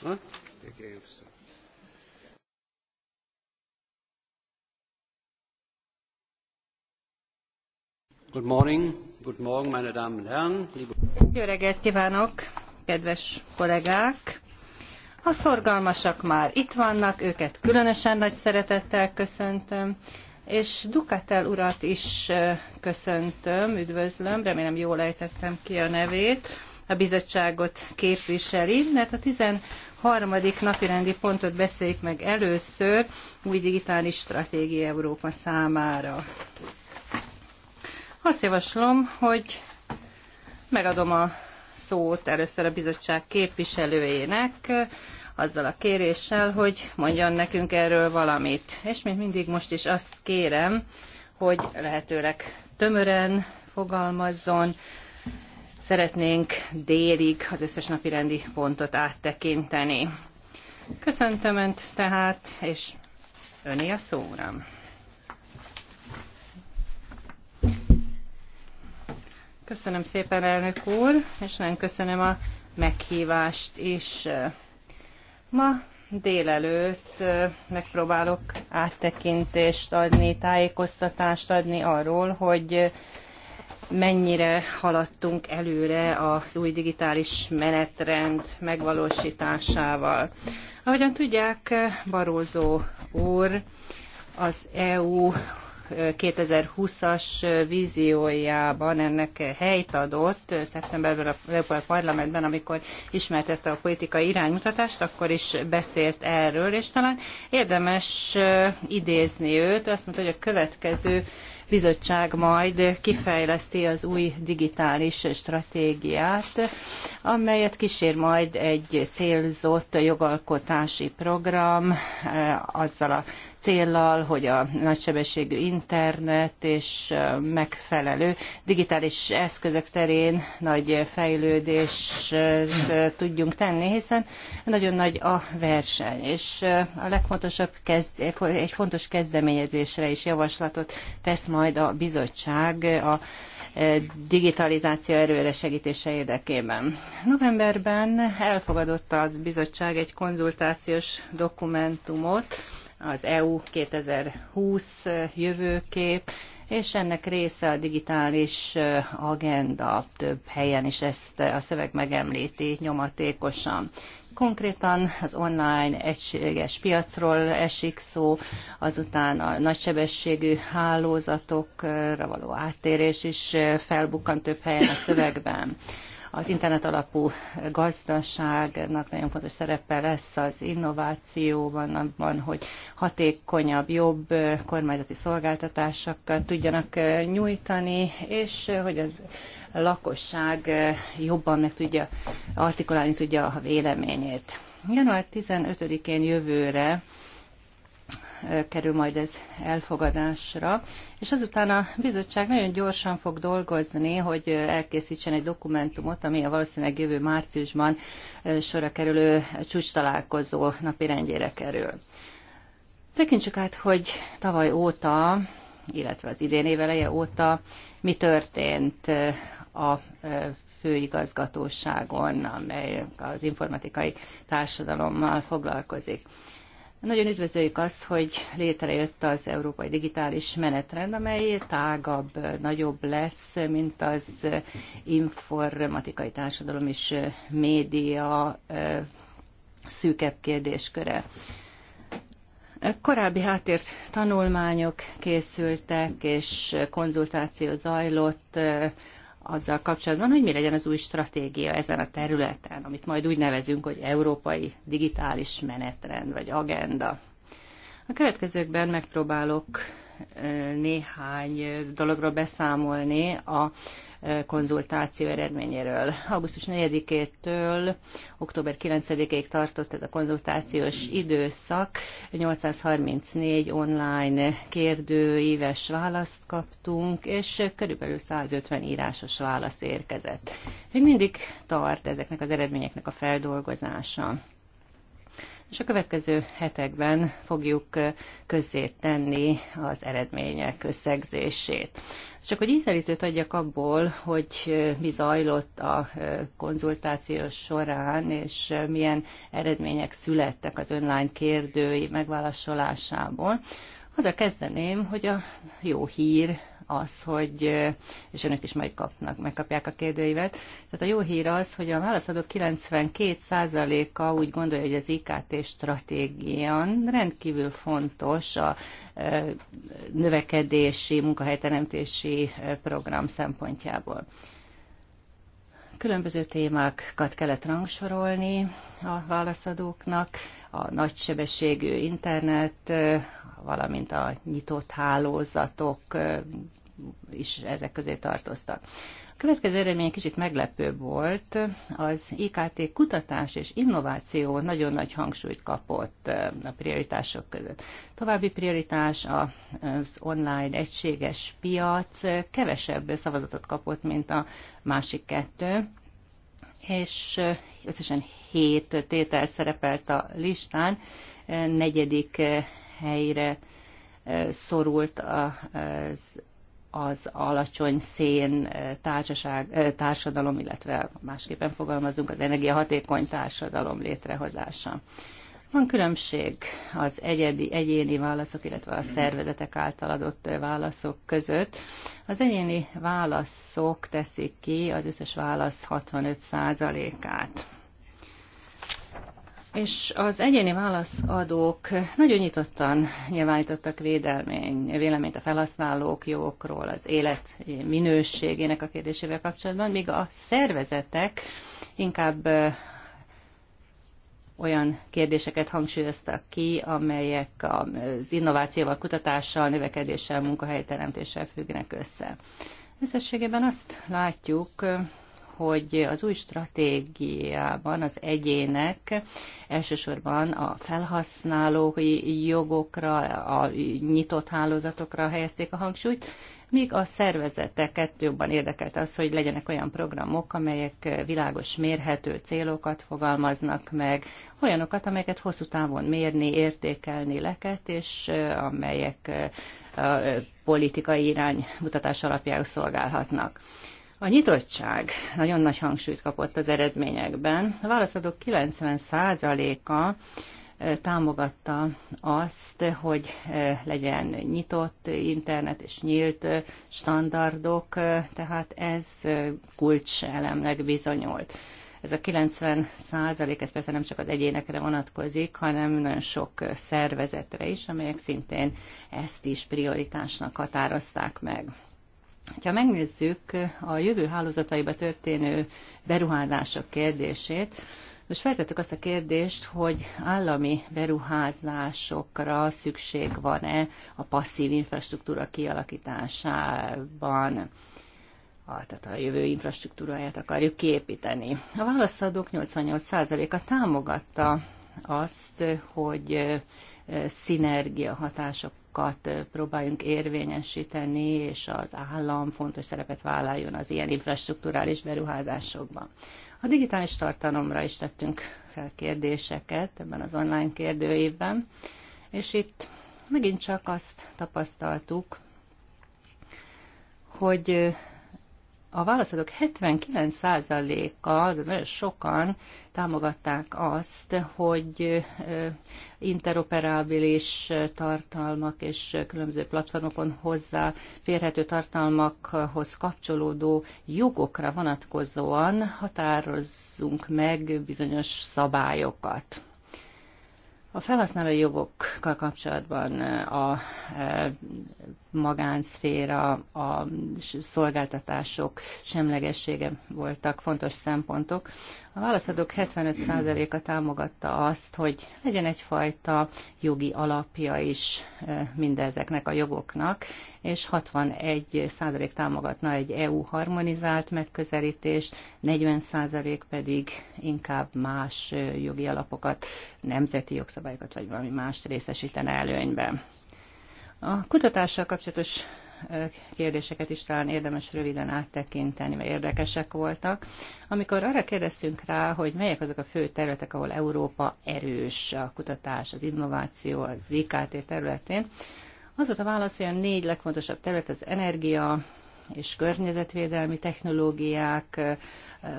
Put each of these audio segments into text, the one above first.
Good morning, good morning, meine Damen und Herren. Jó reggelt kívánok, kedves kollégák! A szorgalmasak már itt vannak, őket különösen nagy szeretettel köszöntöm, és Dukatel urat is köszöntöm, üdvözlöm, remélem jól ejtettem ki a nevét. A bizottságot képviseli, mert a 10 harmadik napirendi pontot beszéljük meg először, új digitális stratégia Európa számára. Azt javaslom, hogy megadom a szót először a bizottság képviselőjének, azzal a kéréssel, hogy mondjon nekünk erről valamit. És mint mindig most is azt kérem, hogy lehetőleg tömören fogalmazzon, szeretnénk délig az összes napirendi pontot áttekinteni. Köszöntöm Önt tehát, és Öné a szó, uram. Köszönöm szépen, elnök úr, és nagyon köszönöm a meghívást is. Ma délelőtt megpróbálok áttekintést adni, tájékoztatást adni arról, hogy mennyire haladtunk előre az új digitális menetrend megvalósításával. Ahogyan tudják, Barózó úr az EU 2020-as víziójában ennek helyt adott szeptemberben a Európai Parlamentben, amikor ismertette a politikai iránymutatást, akkor is beszélt erről, és talán érdemes idézni őt. Azt mondta, hogy a következő bizottság majd kifejleszti az új digitális stratégiát, amelyet kísér majd egy célzott jogalkotási program eh, azzal a céllal, hogy a nagysebességű internet és megfelelő digitális eszközök terén nagy fejlődést tudjunk tenni, hiszen nagyon nagy a verseny, és a legfontosabb kezd, egy fontos kezdeményezésre is javaslatot tesz majd a bizottság a digitalizáció erőre segítése érdekében. Novemberben elfogadott az bizottság egy konzultációs dokumentumot az EU 2020 jövőkép, és ennek része a digitális agenda. Több helyen is ezt a szöveg megemlíti nyomatékosan. Konkrétan az online egységes piacról esik szó, azután a nagysebességű hálózatokra való áttérés is felbukkan több helyen a szövegben. Az internet alapú gazdaságnak nagyon fontos szerepe lesz az innovációban, abban, hogy hatékonyabb, jobb kormányzati szolgáltatásokat tudjanak nyújtani, és hogy az lakosság jobban meg tudja artikulálni tudja a véleményét. Január 15-én jövőre kerül majd ez elfogadásra, és azután a bizottság nagyon gyorsan fog dolgozni, hogy elkészítsen egy dokumentumot, ami a valószínűleg jövő márciusban sorra kerülő csúcs találkozó napirendjére kerül. Tekintsük át, hogy tavaly óta, illetve az idén éveleje óta mi történt a főigazgatóságon, amely az informatikai társadalommal foglalkozik. Nagyon üdvözöljük azt, hogy létrejött az Európai Digitális Menetrend, amely tágabb, nagyobb lesz, mint az informatikai társadalom és média szűkebb kérdésköre. Korábbi háttért tanulmányok készültek, és konzultáció zajlott azzal kapcsolatban, hogy mi legyen az új stratégia ezen a területen, amit majd úgy nevezünk, hogy európai digitális menetrend vagy agenda. A következőkben megpróbálok eh, néhány eh, dologról beszámolni a konzultáció eredményéről. Augusztus 4-től október 9-ig tartott ez a konzultációs időszak. 834 online kérdőíves választ kaptunk, és körülbelül 150 írásos válasz érkezett. Még mindig tart ezeknek az eredményeknek a feldolgozása és a következő hetekben fogjuk közzé tenni az eredmények összegzését. Csak hogy ízelítőt adjak abból, hogy mi zajlott a konzultáció során, és milyen eredmények születtek az online kérdői megválaszolásából, azzal kezdeném, hogy a jó hír az, hogy, és önök is majd kapnak, megkapják a kérdőívet. Tehát a jó hír az, hogy a válaszadók 92%-a úgy gondolja, hogy az IKT stratégián rendkívül fontos a növekedési, munkahelyteremtési program szempontjából. Különböző témákat kellett rangsorolni a válaszadóknak, a nagysebességű internet, valamint a nyitott hálózatok is ezek közé tartoztak. A következő eredmény kicsit meglepőbb volt, az IKT kutatás és innováció nagyon nagy hangsúlyt kapott a prioritások között. További prioritás az online egységes piac kevesebb szavazatot kapott, mint a másik kettő, és összesen hét tétel szerepelt a listán, negyedik helyre szorult az az alacsony szén társaság, társadalom, illetve másképpen fogalmazunk, az energiahatékony társadalom létrehozása. Van különbség az egyedi, egyéni válaszok, illetve a szervezetek által adott válaszok között. Az egyéni válaszok teszik ki az összes válasz 65%-át és az egyéni válaszadók nagyon nyitottan nyilvánítottak védelmény, véleményt a felhasználók jogokról, az élet minőségének a kérdésével kapcsolatban, míg a szervezetek inkább olyan kérdéseket hangsúlyoztak ki, amelyek az innovációval, kutatással, növekedéssel, munkahelyteremtéssel függnek össze. Összességében azt látjuk, hogy az új stratégiában az egyének elsősorban a felhasználói jogokra, a nyitott hálózatokra helyezték a hangsúlyt, míg a szervezeteket jobban érdekelt az, hogy legyenek olyan programok, amelyek világos mérhető célokat fogalmaznak meg, olyanokat, amelyeket hosszú távon mérni, értékelni leket, és amelyek a politikai iránymutatás alapjául szolgálhatnak. A nyitottság nagyon nagy hangsúlyt kapott az eredményekben. A válaszadók 90%-a eh, támogatta azt, hogy eh, legyen nyitott internet és nyílt eh, standardok, tehát ez kulcselemnek bizonyult. Ez a 90 százalék, ez persze nem csak az egyénekre vonatkozik, hanem nagyon sok szervezetre is, amelyek szintén ezt is prioritásnak határozták meg. Ha megnézzük a jövő hálózataiba történő beruházások kérdését, most feltettük azt a kérdést, hogy állami beruházásokra szükség van-e a passzív infrastruktúra kialakításában, a, tehát a jövő infrastruktúráját akarjuk kiépíteni. A válaszadók 88%-a támogatta azt, hogy szinergia hatások jogokat próbáljunk érvényesíteni, és az állam fontos szerepet vállaljon az ilyen infrastruktúrális beruházásokban. A digitális tartalomra is tettünk fel kérdéseket ebben az online kérdőívben, és itt megint csak azt tapasztaltuk, hogy a válaszadók 79%-a, nagyon sokan támogatták azt, hogy interoperábilis tartalmak és különböző platformokon hozzá férhető tartalmakhoz kapcsolódó jogokra vonatkozóan határozzunk meg bizonyos szabályokat. A felhasználói jogokkal kapcsolatban a magánszféra, a szolgáltatások semlegessége voltak fontos szempontok. A válaszadók 75%-a támogatta azt, hogy legyen egyfajta jogi alapja is eh, mindezeknek a jogoknak, és 61% támogatna egy EU harmonizált megközelítést, 40% pedig inkább más eh, jogi alapokat, nemzeti jogszabályokat vagy valami más részesítene előnyben. A kutatással kapcsolatos kérdéseket is talán érdemes röviden áttekinteni, mert érdekesek voltak. Amikor arra kérdeztünk rá, hogy melyek azok a fő területek, ahol Európa erős a kutatás, az innováció, az IKT területén, az volt a válasz, hogy a négy legfontosabb terület az energia, és környezetvédelmi technológiák,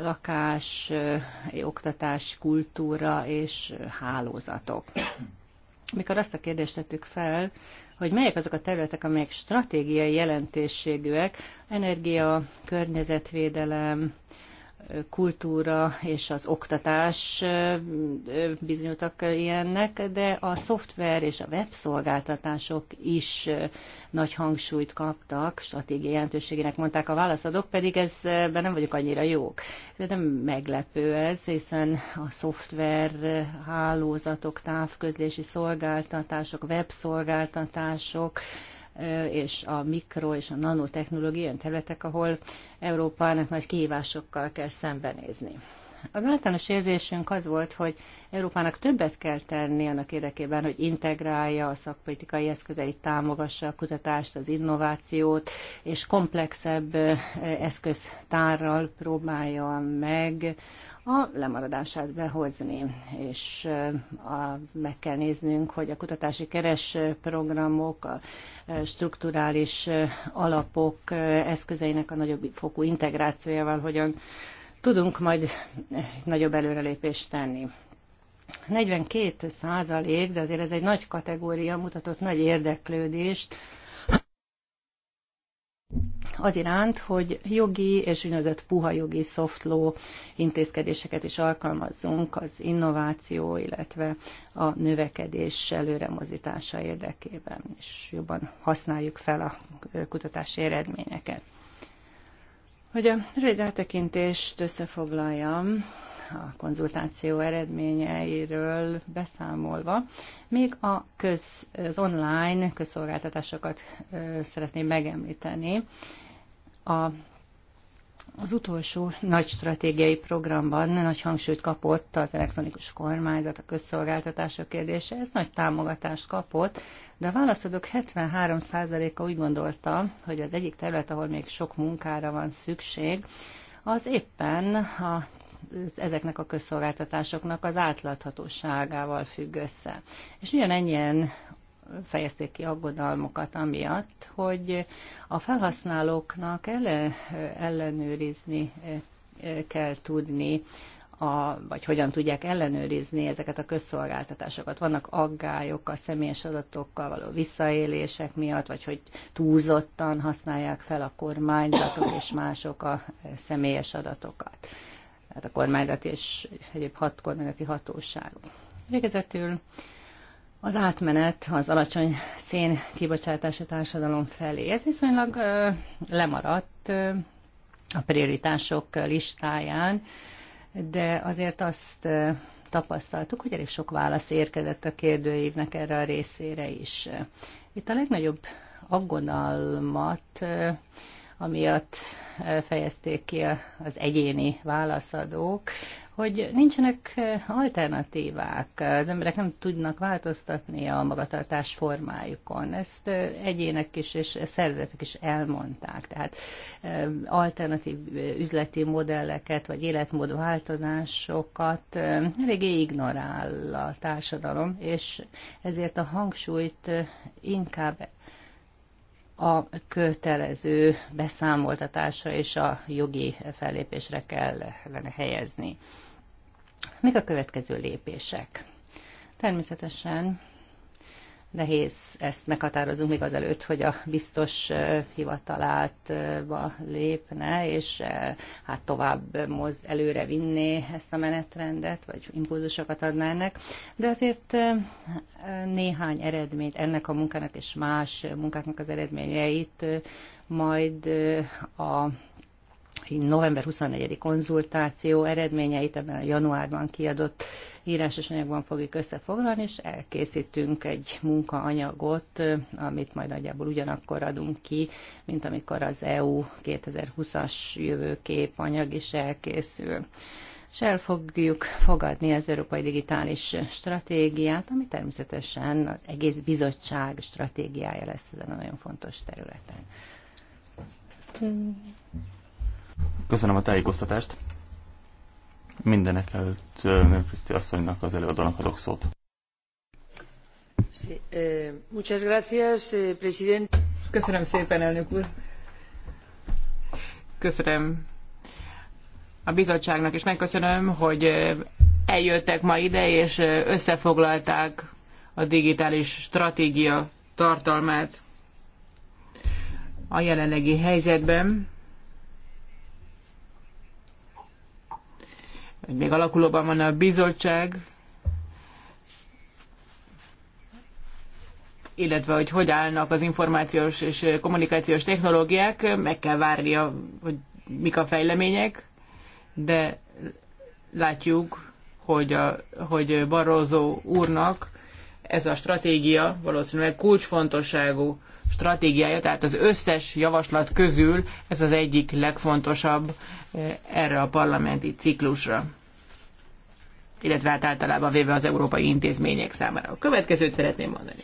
lakás, oktatás, kultúra és hálózatok. Mikor azt a kérdést tettük fel, hogy melyek azok a területek, amelyek stratégiai jelentőségűek, energia, környezetvédelem, kultúra és az oktatás bizonyultak ilyennek, de a szoftver és a webszolgáltatások is nagy hangsúlyt kaptak, stratégiai jelentőségének mondták a válaszadók, pedig ezben nem vagyok annyira jók. De nem meglepő ez, hiszen a szoftver hálózatok, távközlési szolgáltatások, webszolgáltatások, és a mikro és a nanotechnológia olyan területek, ahol Európának nagy kihívásokkal kell szembenézni. Az általános érzésünk az volt, hogy Európának többet kell tenni annak érdekében, hogy integrálja a szakpolitikai eszközeit, támogassa a kutatást, az innovációt, és komplexebb eszköztárral próbálja meg a lemaradását behozni, és a, meg kell néznünk, hogy a kutatási keres programok, a strukturális alapok eszközeinek a nagyobb fokú integrációjával hogyan tudunk majd nagyobb előrelépést tenni. 42 százalék, de azért ez egy nagy kategória, mutatott nagy érdeklődést az iránt, hogy jogi és úgynevezett puha jogi soft law intézkedéseket is alkalmazzunk az innováció, illetve a növekedés előremozdítása érdekében, és jobban használjuk fel a kutatási eredményeket. Hogy a rövid eltekintést összefoglaljam, a konzultáció eredményeiről beszámolva. Még a köz, az online közszolgáltatásokat szeretném megemlíteni. A az utolsó nagy stratégiai programban nagy hangsúlyt kapott az elektronikus kormányzat, a közszolgáltatások kérdése, ez nagy támogatást kapott, de a válaszadók 73%-a úgy gondolta, hogy az egyik terület, ahol még sok munkára van szükség, az éppen a ezeknek a közszolgáltatásoknak az átláthatóságával függ össze. És ugyanennyien fejezték ki aggodalmokat amiatt, hogy a felhasználóknak ele, ellenőrizni e, e, kell tudni, a, vagy hogyan tudják ellenőrizni ezeket a közszolgáltatásokat. Vannak aggályok a személyes adatokkal való visszaélések miatt, vagy hogy túlzottan használják fel a kormányzatok és mások a e, személyes adatokat tehát a kormányzat és egyéb hat kormányzati hatóság. Végezetül az átmenet az alacsony szén kibocsátása társadalom felé. Ez viszonylag ö, lemaradt ö, a prioritások listáján, de azért azt ö, tapasztaltuk, hogy elég sok válasz érkezett a kérdőívnek erre a részére is. Itt a legnagyobb aggodalmat amiatt fejezték ki az egyéni válaszadók, hogy nincsenek alternatívák, az emberek nem tudnak változtatni a magatartás formájukon. Ezt egyének is és szervezetek is elmondták. Tehát alternatív üzleti modelleket vagy életmódváltozásokat eléggé ignorál a társadalom, és ezért a hangsúlyt inkább a kötelező beszámoltatásra és a jogi fellépésre kellene helyezni. Mik a következő lépések? Természetesen nehéz ezt meghatározunk még azelőtt, hogy a biztos hivatalátba lépne, és hát tovább moz előre vinné ezt a menetrendet, vagy impulzusokat adná ennek. De azért néhány eredményt ennek a munkának és más munkáknak az eredményeit majd a november 24. konzultáció eredményeit ebben a januárban kiadott írásos anyagban fogjuk összefoglalni, és elkészítünk egy munkaanyagot, amit majd nagyjából ugyanakkor adunk ki, mint amikor az EU 2020-as jövőkép anyag is elkészül és el fogjuk fogadni az Európai Digitális Stratégiát, ami természetesen az egész bizottság stratégiája lesz ezen a nagyon fontos területen. Köszönöm a tájékoztatást. Mindenek előtt Kriszti asszonynak az előadónak adok szót. Eh, eh, Köszönöm szépen, elnök úr. Köszönöm a bizottságnak, és megköszönöm, hogy eljöttek ma ide, és összefoglalták a digitális stratégia tartalmát a jelenlegi helyzetben. hogy még alakulóban van a bizottság, illetve hogy hogy állnak az információs és kommunikációs technológiák, meg kell várnia, hogy mik a fejlemények, de látjuk, hogy, a, hogy Barroso úrnak ez a stratégia valószínűleg kulcsfontosságú stratégiája, tehát az összes javaslat közül ez az egyik legfontosabb eh, erre a parlamenti ciklusra illetve hát általában véve az európai intézmények számára. A következőt szeretném mondani.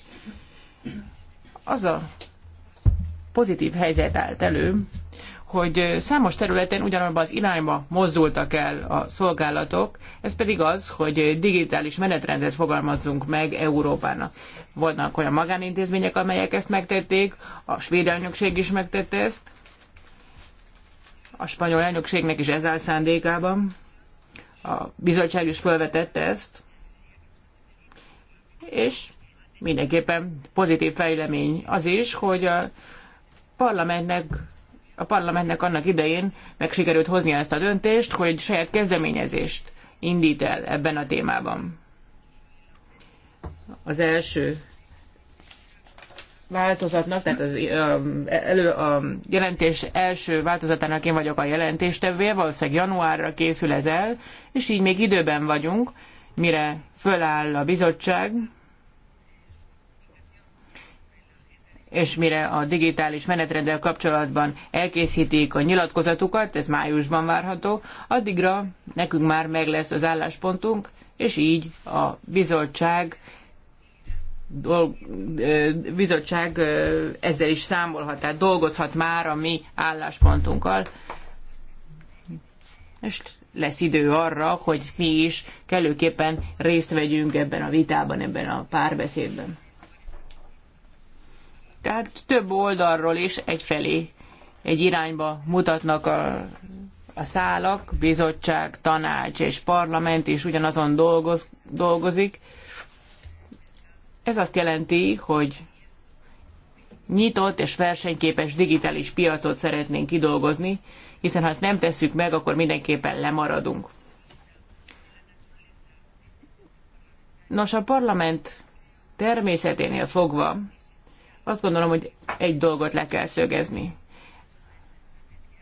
Az a pozitív helyzet állt elő, hogy számos területen ugyanabban az irányba mozdultak el a szolgálatok, ez pedig az, hogy digitális menetrendet fogalmazzunk meg Európának. Vannak olyan magánintézmények, amelyek ezt megtették, a svéd elnökség is megtette ezt, a spanyol elnökségnek is ez áll szándékában a bizottság is felvetette ezt, és mindenképpen pozitív fejlemény az is, hogy a parlamentnek a parlamentnek annak idején meg sikerült hoznia ezt a döntést, hogy saját kezdeményezést indít el ebben a témában. Az első változatnak, tehát az elő, a jelentés első változatának én vagyok a jelentéstevője, valószínűleg januárra készül ez el, és így még időben vagyunk, mire föláll a bizottság, és mire a digitális menetrenddel kapcsolatban elkészítik a nyilatkozatukat, ez májusban várható, addigra nekünk már meg lesz az álláspontunk, és így a bizottság dolg, bizottság ezzel is számolhat, tehát dolgozhat már a mi álláspontunkkal, és lesz idő arra, hogy mi is kellőképpen részt vegyünk ebben a vitában, ebben a párbeszédben. Tehát több oldalról is egyfelé, egy irányba mutatnak a, a szálak, bizottság, tanács és parlament is ugyanazon dolgoz, dolgozik, ez azt jelenti, hogy nyitott és versenyképes digitális piacot szeretnénk kidolgozni, hiszen ha ezt nem tesszük meg, akkor mindenképpen lemaradunk. Nos, a parlament természeténél fogva azt gondolom, hogy egy dolgot le kell szögezni.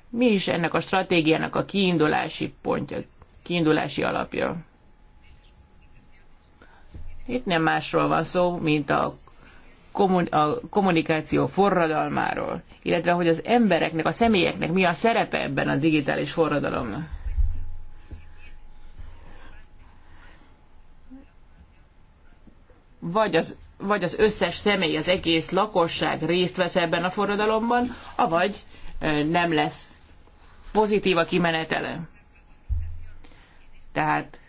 Mi is ennek a stratégiának a kiindulási pontja, kiindulási alapja? Itt nem másról van szó, mint a, a kommunikáció forradalmáról, illetve hogy az embereknek, a személyeknek mi a szerepe ebben a digitális forradalomnak. Vagy az vagy az összes személy, az egész lakosság részt vesz ebben a forradalomban, avagy nem lesz pozitív a kimenetele. Tehát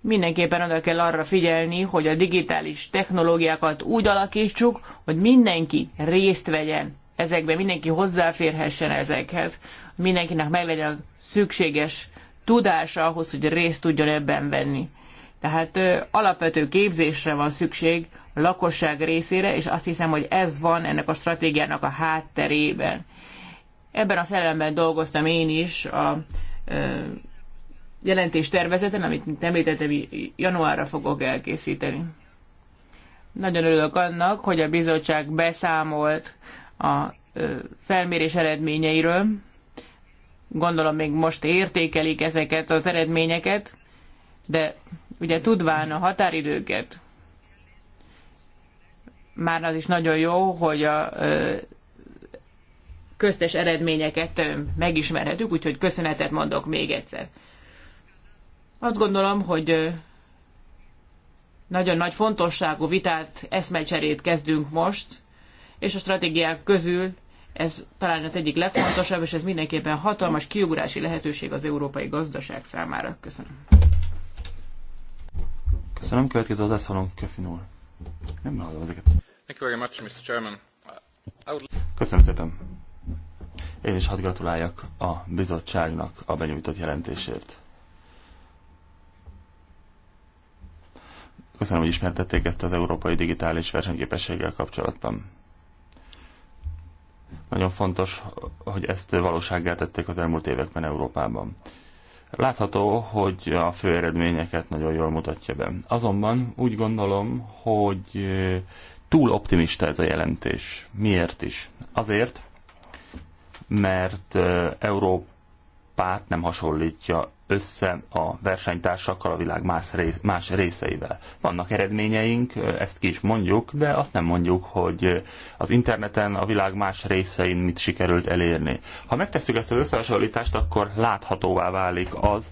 mindenképpen oda kell arra figyelni, hogy a digitális technológiákat úgy alakítsuk, hogy mindenki részt vegyen ezekben, mindenki hozzáférhessen ezekhez, mindenkinek meglegyen a szükséges tudása ahhoz, hogy részt tudjon ebben venni. Tehát ö, alapvető képzésre van szükség a lakosság részére, és azt hiszem, hogy ez van ennek a stratégiának a hátterében. Ebben a szellemben dolgoztam én is a ö, Jelentés tervezeten, amit említettem, januárra fogok elkészíteni. Nagyon örülök annak, hogy a bizottság beszámolt a felmérés eredményeiről. Gondolom még most értékelik ezeket az eredményeket, de ugye tudván a határidőket, már az is nagyon jó, hogy a köztes eredményeket megismerhetük, úgyhogy köszönetet mondok még egyszer. Azt gondolom, hogy nagyon nagy fontosságú vitát, eszmecserét kezdünk most, és a stratégiák közül ez talán az egyik legfontosabb, és ez mindenképpen hatalmas kiugrási lehetőség az európai gazdaság számára. Köszönöm. Köszönöm. Következő hozzászólónk Köfin úr. Nem hallom ezeket. Thank you very much, Mr. Chairman. Would... Köszönöm szépen. Én is hadd gratuláljak a bizottságnak a benyújtott jelentésért. Köszönöm, hogy ismertették ezt az európai digitális versenyképességgel kapcsolatban. Nagyon fontos, hogy ezt valósággá tették az elmúlt években Európában. Látható, hogy a fő eredményeket nagyon jól mutatja be. Azonban úgy gondolom, hogy túl optimista ez a jelentés. Miért is? Azért, mert Európát nem hasonlítja össze a versenytársakkal, a világ más, rész, más részeivel. Vannak eredményeink, ezt ki is mondjuk, de azt nem mondjuk, hogy az interneten, a világ más részein mit sikerült elérni. Ha megtesszük ezt az összehasonlítást, akkor láthatóvá válik az,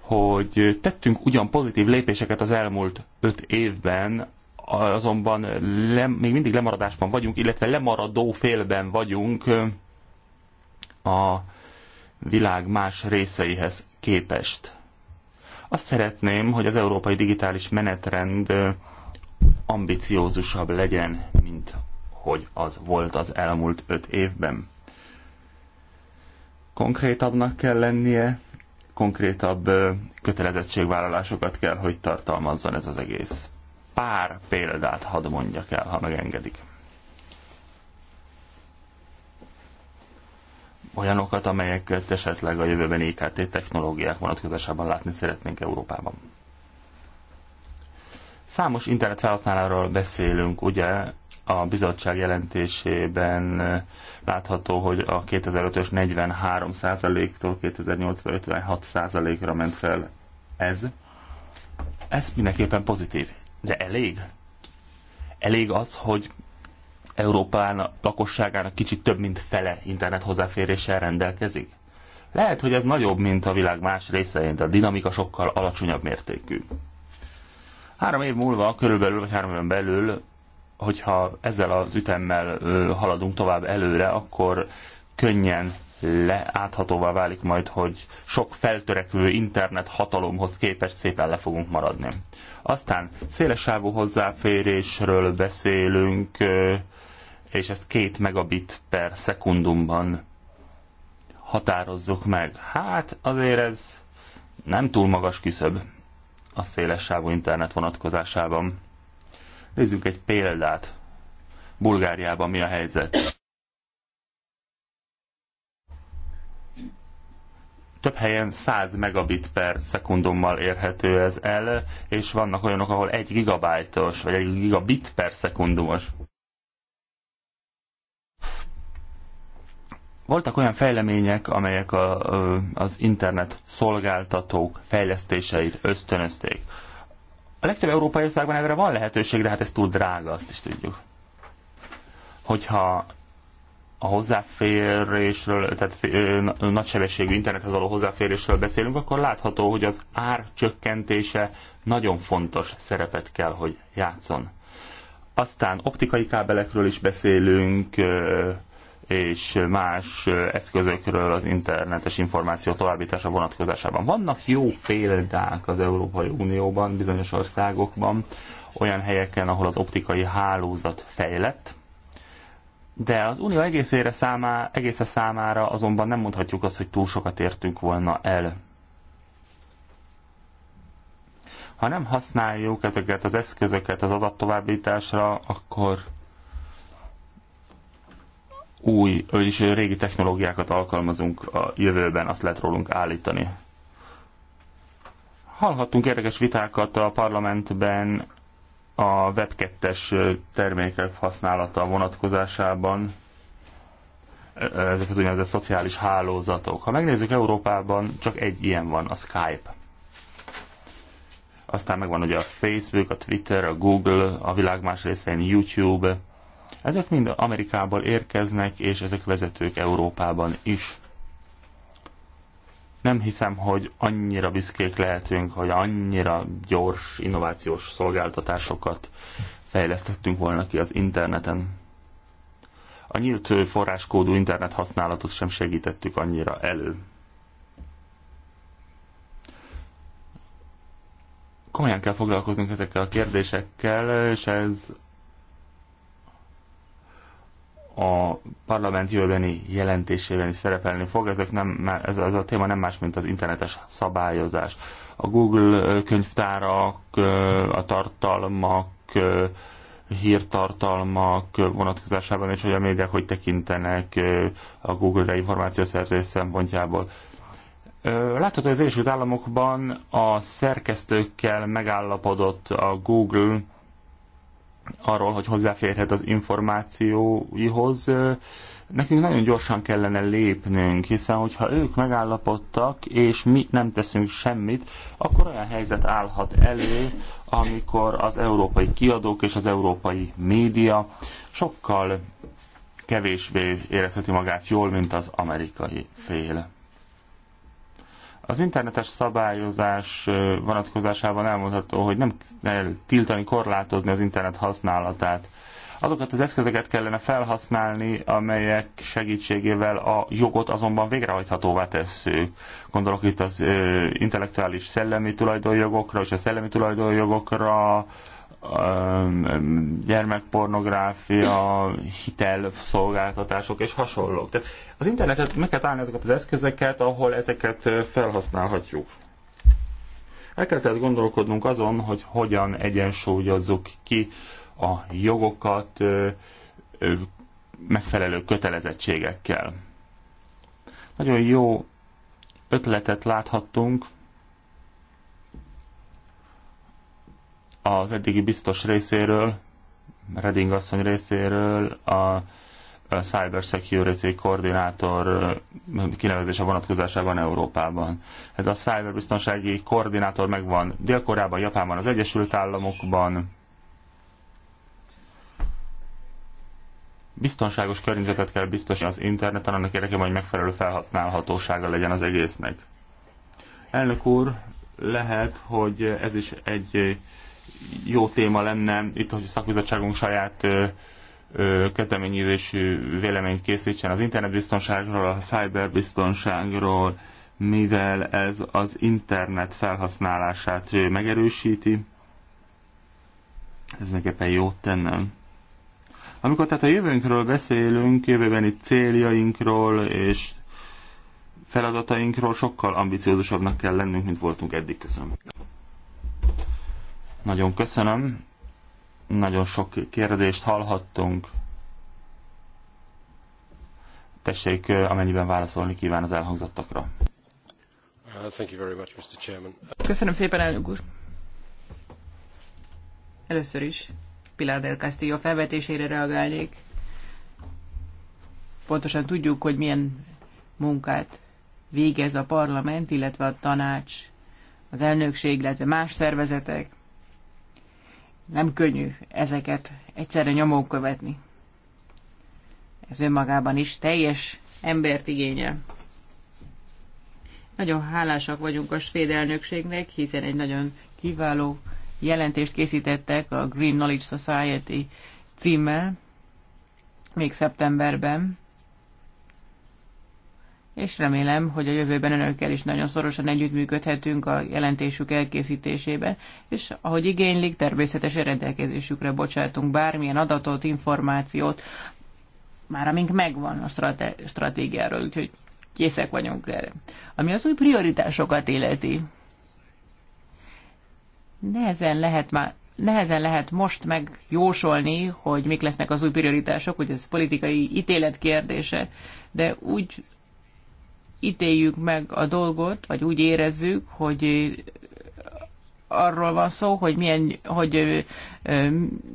hogy tettünk ugyan pozitív lépéseket az elmúlt öt évben, azonban le, még mindig lemaradásban vagyunk, illetve lemaradó félben vagyunk a világ más részeihez képest. Azt szeretném, hogy az európai digitális menetrend ambiciózusabb legyen, mint hogy az volt az elmúlt öt évben. Konkrétabbnak kell lennie, konkrétabb kötelezettségvállalásokat kell, hogy tartalmazzon ez az egész. Pár példát hadd mondjak el, ha megengedik. olyanokat, amelyeket esetleg a jövőben IKT technológiák vonatkozásában látni szeretnénk Európában. Számos internet felhasználáról beszélünk, ugye a bizottság jelentésében látható, hogy a 2005-ös 43%-tól 2008 56%-ra ment fel ez. Ez mindenképpen pozitív. De elég? Elég az, hogy Európán lakosságának kicsit több mint fele internet hozzáféréssel rendelkezik. Lehet, hogy ez nagyobb, mint a világ más részein, de a dinamika sokkal alacsonyabb mértékű. Három év múlva, körülbelül, vagy három éven belül, hogyha ezzel az ütemmel haladunk tovább előre, akkor könnyen leáthatóvá válik majd, hogy sok feltörekvő internet hatalomhoz képest szépen le fogunk maradni. Aztán széles sávú hozzáférésről beszélünk, és ezt két megabit per szekundumban határozzuk meg. Hát azért ez nem túl magas küszöb a széles sávú internet vonatkozásában. Nézzük egy példát. Bulgáriában mi a helyzet? Több helyen 100 megabit per szekundummal érhető ez el, és vannak olyanok, ahol 1 gigabájtos, vagy 1 gigabit per szekundumos voltak olyan fejlemények, amelyek a, az internet szolgáltatók fejlesztéseit ösztönözték. A legtöbb európai országban erre van lehetőség, de hát ez túl drága, azt is tudjuk. Hogyha a hozzáférésről, tehát nagysebességű internethez való hozzáférésről beszélünk, akkor látható, hogy az ár csökkentése nagyon fontos szerepet kell, hogy játszon. Aztán optikai kábelekről is beszélünk, és más eszközökről az internetes információ továbbítása vonatkozásában. Vannak jó példák az Európai Unióban, bizonyos országokban, olyan helyeken, ahol az optikai hálózat fejlett, de az Unió egészére számá, egésze számára azonban nem mondhatjuk azt, hogy túl sokat értünk volna el. Ha nem használjuk ezeket az eszközöket az adattovábbításra, akkor új, vagyis régi technológiákat alkalmazunk a jövőben, azt lehet rólunk állítani. Hallhattunk érdekes vitákat a parlamentben a Web2-es termékek használata vonatkozásában, ezek az úgynevezett szociális hálózatok. Ha megnézzük Európában, csak egy ilyen van, a Skype. Aztán megvan ugye a Facebook, a Twitter, a Google, a világ más részein YouTube, ezek mind Amerikából érkeznek, és ezek vezetők Európában is. Nem hiszem, hogy annyira büszkék lehetünk, hogy annyira gyors, innovációs szolgáltatásokat fejlesztettünk volna ki az interneten. A nyílt forráskódú internet használatot sem segítettük annyira elő. Komolyan kell foglalkoznunk ezekkel a kérdésekkel, és ez a parlament jövőbeni jelentésében is szerepelni fog. Ezek nem, ez, ez a téma nem más, mint az internetes szabályozás. A Google könyvtárak, a tartalmak, hírtartalmak vonatkozásában, és hogy a médiák hogy tekintenek a Google-re információszerzés szempontjából. Látható, hogy az Egyesült Államokban a szerkesztőkkel megállapodott a Google arról, hogy hozzáférhet az információihoz, nekünk nagyon gyorsan kellene lépnünk, hiszen hogyha ők megállapodtak, és mi nem teszünk semmit, akkor olyan helyzet állhat elő, amikor az európai kiadók és az európai média sokkal kevésbé érezheti magát jól, mint az amerikai fél. Az internetes szabályozás vonatkozásában elmondható, hogy nem kell tiltani, korlátozni az internet használatát. Azokat az eszközöket kellene felhasználni, amelyek segítségével a jogot azonban végrehajthatóvá tesszük. Gondolok itt az ö, intellektuális szellemi tulajdonjogokra és a szellemi tulajdonjogokra, gyermekpornográfia, hitelszolgáltatások és hasonlók. Tehát az internetet meg kell találni ezeket az eszközeket, ahol ezeket felhasználhatjuk. El kell tehát gondolkodnunk azon, hogy hogyan egyensúlyozzuk ki a jogokat megfelelő kötelezettségekkel. Nagyon jó ötletet láthattunk az eddigi biztos részéről, Reding asszony részéről a Cyber Security koordinátor kinevezése vonatkozásában Európában. Ez a cyberbiztonsági koordinátor megvan Dél-Koreában, Japánban, az Egyesült Államokban. Biztonságos környezetet kell biztosítani az interneten, annak érdekében, hogy megfelelő felhasználhatósága legyen az egésznek. Elnök úr, lehet, hogy ez is egy jó téma lenne itt, hogy a szakbizottságunk saját kezdeményezésű véleményt készítsen az internetbiztonságról, a cyberbiztonságról, mivel ez az internet felhasználását megerősíti. Ez éppen jót tennem. Amikor tehát a jövőnkről beszélünk, jövőbeni céljainkról és feladatainkról sokkal ambiciózusabbnak kell lennünk, mint voltunk eddig. Köszönöm. Nagyon köszönöm. Nagyon sok kérdést hallhattunk. Tessék, amennyiben válaszolni kíván az elhangzottakra. Uh, köszönöm szépen, elnök úr. Először is Pilar del Castillo felvetésére reagálnék. Pontosan tudjuk, hogy milyen munkát végez a parlament, illetve a tanács, az elnökség, illetve más szervezetek, nem könnyű ezeket egyszerre nyomon követni. Ez önmagában is teljes embert igényel. Nagyon hálásak vagyunk a svéd elnökségnek, hiszen egy nagyon kiváló jelentést készítettek a Green Knowledge Society címmel még szeptemberben és remélem, hogy a jövőben önökkel is nagyon szorosan együttműködhetünk a jelentésük elkészítésébe, és ahogy igénylik, természetesen rendelkezésükre bocsátunk bármilyen adatot, információt, már amink megvan a straté- stratégiáról, úgyhogy készek vagyunk erre. Ami az új prioritásokat illeti. Nehezen lehet már Nehezen lehet most megjósolni, hogy mik lesznek az új prioritások, hogy ez politikai ítélet kérdése, de úgy ítéljük meg a dolgot, vagy úgy érezzük, hogy arról van szó, hogy milyen, hogy,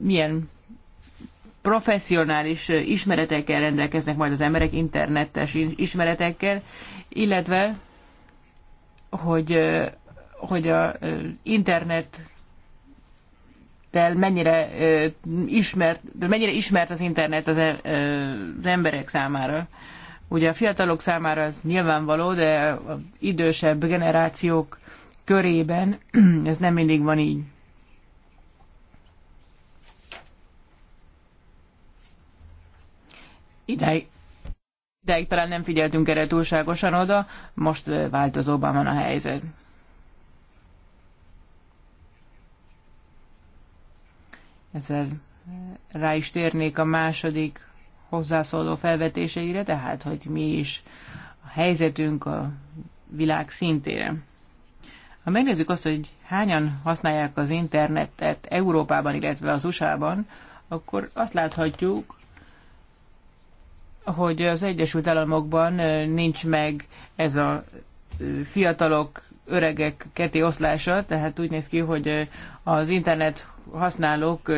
milyen professzionális ismeretekkel rendelkeznek majd az emberek, internetes ismeretekkel, illetve hogy, hogy a internet mennyire ismert, mennyire ismert az internet az, e, az emberek számára. Ugye a fiatalok számára ez nyilvánvaló, de az idősebb generációk körében ez nem mindig van így. Ideig, ideig talán nem figyeltünk erre túlságosan oda, most változóban van a helyzet. Ezzel rá is térnék a második hozzászóló felvetéseire, tehát hogy mi is a helyzetünk a világ szintére. Ha megnézzük azt, hogy hányan használják az internetet Európában, illetve az USA-ban, akkor azt láthatjuk, hogy az Egyesült Államokban nincs meg ez a fiatalok, öregek keti oszlása, tehát úgy néz ki, hogy az internet használók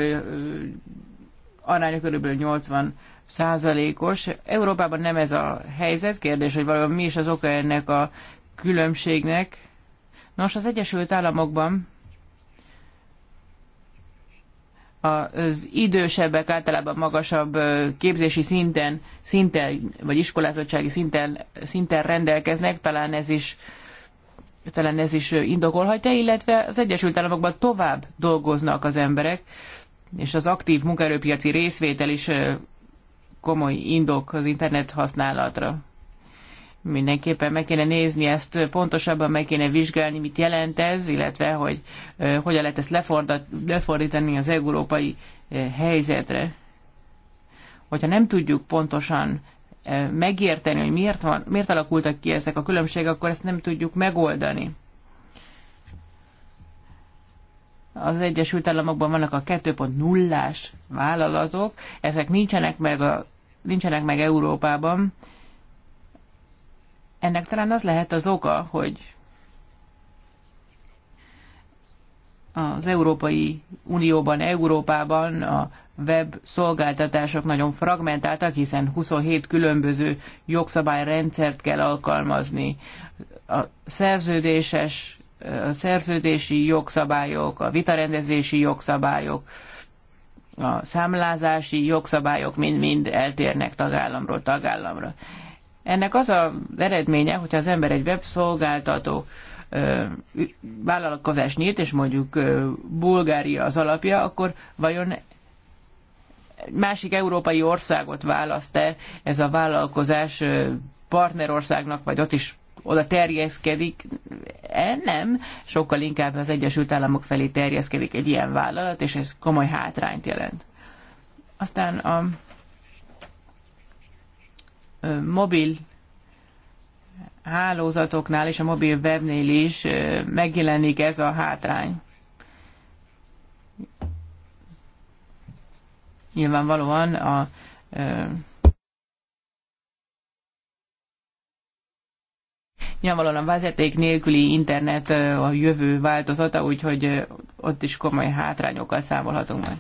aránya körülbelül 80 százalékos. Európában nem ez a helyzet. Kérdés, hogy valami mi is az oka ennek a különbségnek. Nos, az Egyesült Államokban az idősebbek általában magasabb képzési szinten, szinten vagy iskolázottsági szinten, szinten rendelkeznek, talán ez is talán ez is indokolhatja, illetve az Egyesült Államokban tovább dolgoznak az emberek, és az aktív munkaerőpiaci részvétel is komoly indok az internet használatra. Mindenképpen meg kéne nézni ezt, pontosabban meg kéne vizsgálni, mit jelent ez, illetve hogy hogyan lehet ezt lefordítani az európai helyzetre. Hogyha nem tudjuk pontosan megérteni, hogy miért, van, miért alakultak ki ezek a különbségek, akkor ezt nem tudjuk megoldani. az Egyesült Államokban vannak a 2.0-ás vállalatok, ezek nincsenek meg, a, nincsenek meg Európában. Ennek talán az lehet az oka, hogy az Európai Unióban, Európában a web szolgáltatások nagyon fragmentáltak, hiszen 27 különböző jogszabályrendszert kell alkalmazni. A szerződéses a szerződési jogszabályok, a vitarendezési jogszabályok, a számlázási jogszabályok mind-mind eltérnek tagállamról tagállamra. Ennek az az eredménye, hogyha az ember egy webszolgáltató vállalkozás nyílt, és mondjuk Bulgária az alapja, akkor vajon másik európai országot választ-e ez a vállalkozás partnerországnak, vagy ott is oda terjeszkedik. E, nem, sokkal inkább az Egyesült Államok felé terjeszkedik egy ilyen vállalat, és ez komoly hátrányt jelent. Aztán a mobil hálózatoknál és a mobil webnél is megjelenik ez a hátrány. Nyilvánvalóan a Nyilvánvalóan vezeték nélküli internet a jövő változata, úgyhogy ott is komoly hátrányokkal számolhatunk majd.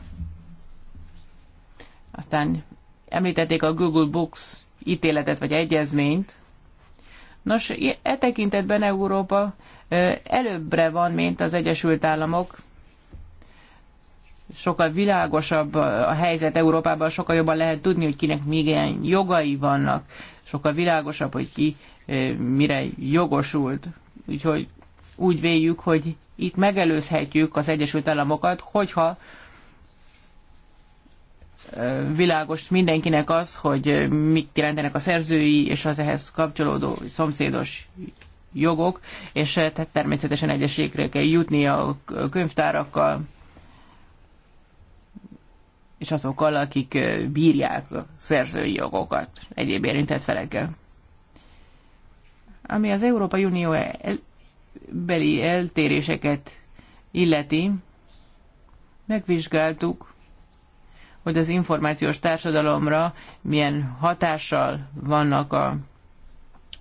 Aztán említették a Google Books ítéletet vagy egyezményt. Nos, e tekintetben Európa előbbre van, mint az Egyesült Államok sokkal világosabb a helyzet Európában, sokkal jobban lehet tudni, hogy kinek milyen jogai vannak, sokkal világosabb, hogy ki mire jogosult. Úgyhogy úgy véljük, hogy itt megelőzhetjük az Egyesült Államokat, hogyha világos mindenkinek az, hogy mit jelentenek a szerzői és az ehhez kapcsolódó szomszédos jogok, és eh, tehát természetesen egyességre kell jutni a könyvtárakkal, és azokkal, akik bírják a szerzői jogokat egyéb érintett felekkel. Ami az Európai Unió el, beli eltéréseket illeti, megvizsgáltuk, hogy az információs társadalomra milyen hatással vannak a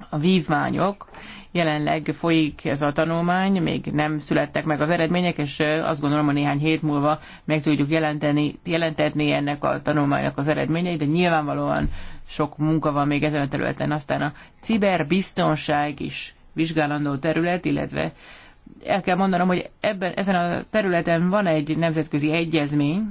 a vívmányok. Jelenleg folyik ez a tanulmány, még nem születtek meg az eredmények, és azt gondolom, hogy néhány hét múlva meg tudjuk jelenteni, jelentetni ennek a tanulmánynak az eredményeit, de nyilvánvalóan sok munka van még ezen a területen. Aztán a ciberbiztonság is vizsgálandó terület, illetve el kell mondanom, hogy ebben, ezen a területen van egy nemzetközi egyezmény,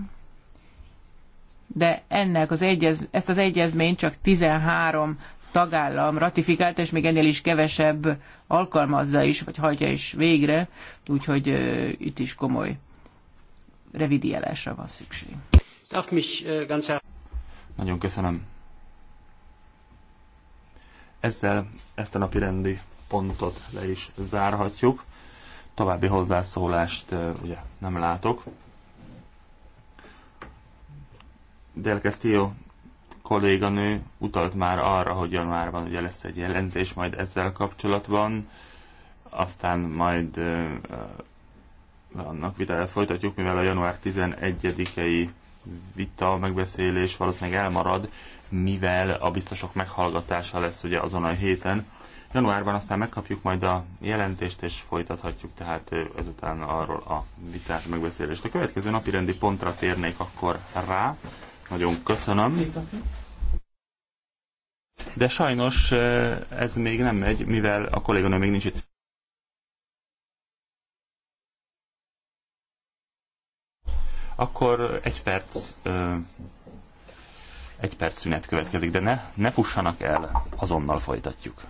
de ennek az egyez, ezt az egyezményt csak 13 tagállam ratifikálta, és még ennél is kevesebb alkalmazza is, vagy hagyja is végre, úgyhogy uh, itt is komoly revidiálásra van szükség. Nagyon köszönöm. Ezzel ezt a napi rendi pontot le is zárhatjuk. További hozzászólást uh, ugye nem látok. Del Castillo kolléganő utalt már arra, hogy januárban ugye lesz egy jelentés majd ezzel kapcsolatban, aztán majd uh, annak vitáját folytatjuk, mivel a január 11-i vita, megbeszélés valószínűleg elmarad, mivel a biztosok meghallgatása lesz ugye azon a héten. Januárban aztán megkapjuk majd a jelentést, és folytathatjuk tehát ezután arról a vitás megbeszélést. A következő napi rendi pontra térnék akkor rá. Nagyon köszönöm. De sajnos ez még nem megy, mivel a kolléganő még nincs itt. Akkor egy perc, egy perc szünet következik, de ne, ne fussanak el, azonnal folytatjuk.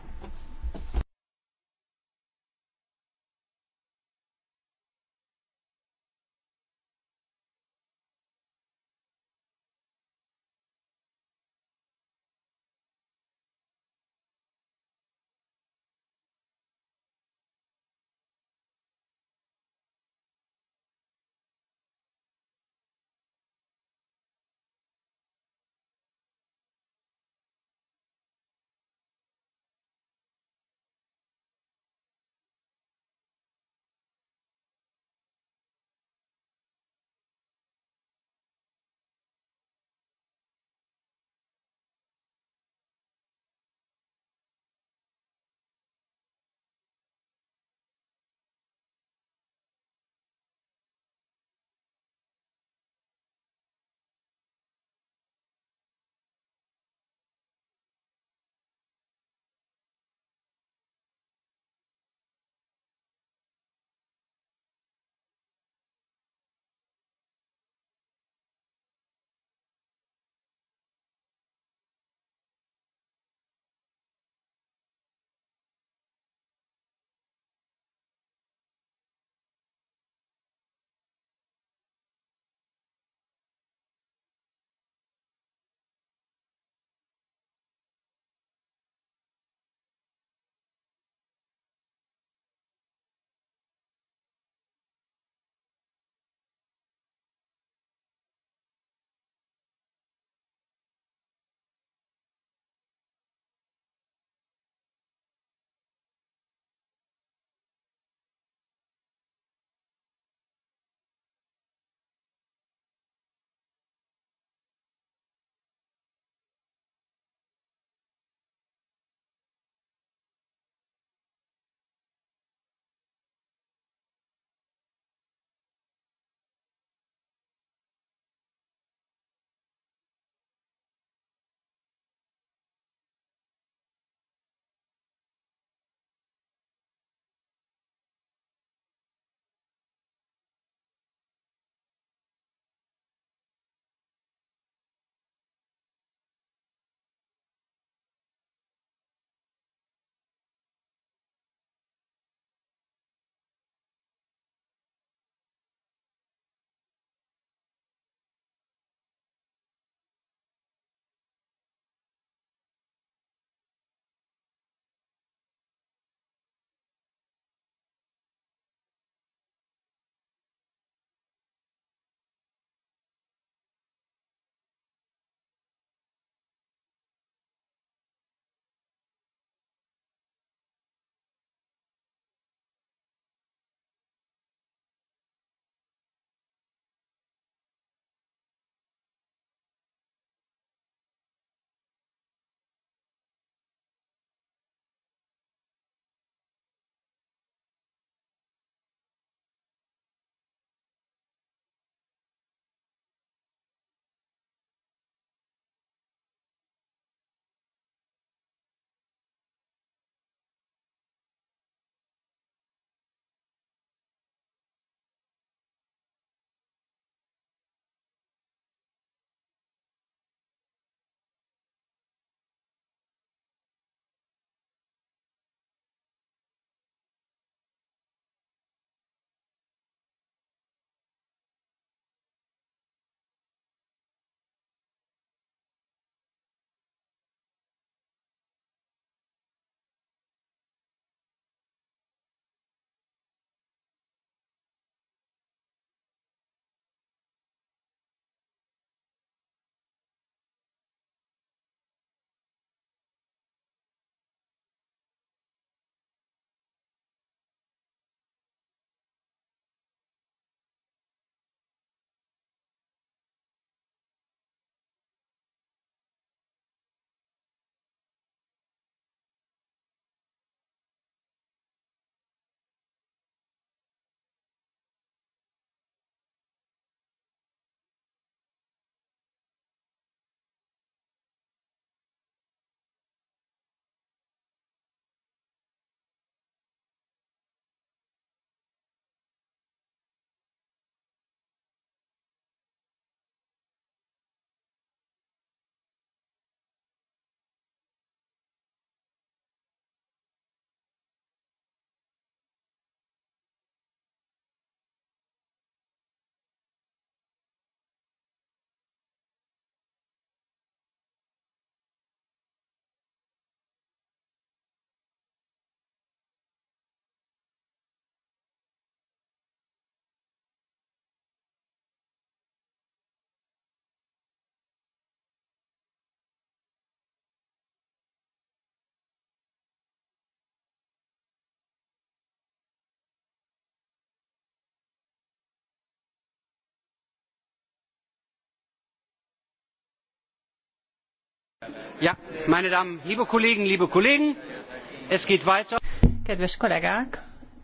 Kedves kollégák,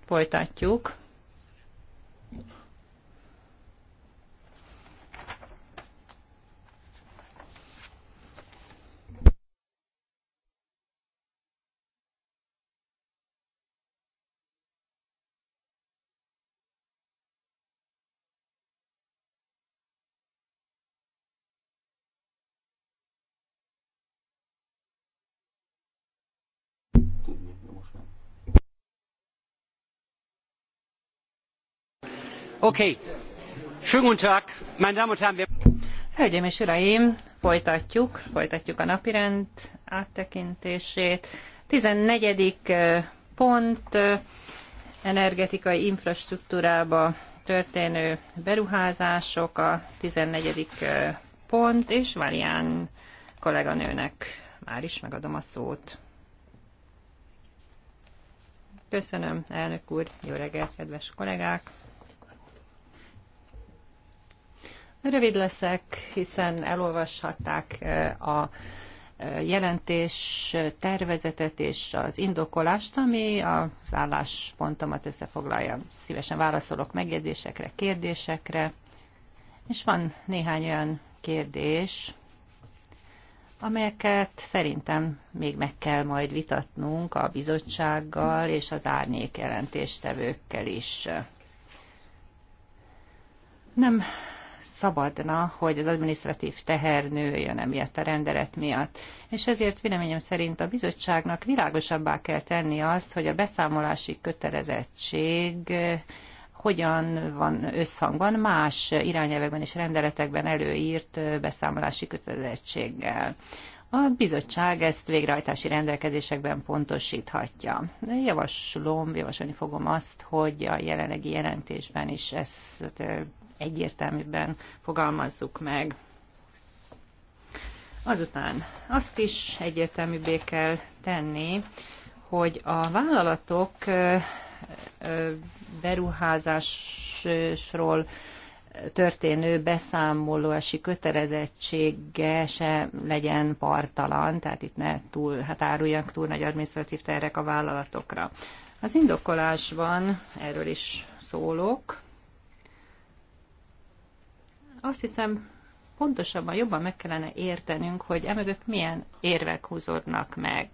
folytatjuk. Hölgyeim és Uraim, folytatjuk, folytatjuk a napirend áttekintését. Tizennegyedik pont energetikai infrastruktúrába történő beruházások a tizennegyedik pont, és Varián kolléganőnek már is megadom a szót. Köszönöm, elnök úr, jó reggelt, kedves kollégák! Rövid leszek, hiszen elolvashatták eh, a eh, jelentés tervezetet és az indokolást, ami az álláspontomat összefoglalja. Szívesen válaszolok megjegyzésekre, kérdésekre, és van néhány olyan kérdés, amelyeket szerintem még meg kell majd vitatnunk a bizottsággal és az árnyék jelentéstevőkkel is. Nem szabadna, hogy az administratív teher nőjön emiatt a rendelet miatt. És ezért véleményem szerint a bizottságnak világosabbá kell tenni azt, hogy a beszámolási kötelezettség eh, hogyan van összhangban más irányelvekben és rendeletekben előírt eh, beszámolási kötelezettséggel. A bizottság ezt végrehajtási rendelkezésekben pontosíthatja. Javaslom, javasolni fogom azt, hogy a jelenlegi jelentésben is ezt eh, egyértelműbben fogalmazzuk meg. Azután azt is egyértelműbbé kell tenni, hogy a vállalatok beruházásról történő beszámolási kötelezettsége se legyen partalan, tehát itt ne túl, hát áruljanak túl nagy adminisztratív terek a vállalatokra. Az indokolásban erről is szólok, azt hiszem, pontosabban jobban meg kellene értenünk, hogy emögött milyen érvek húzódnak meg.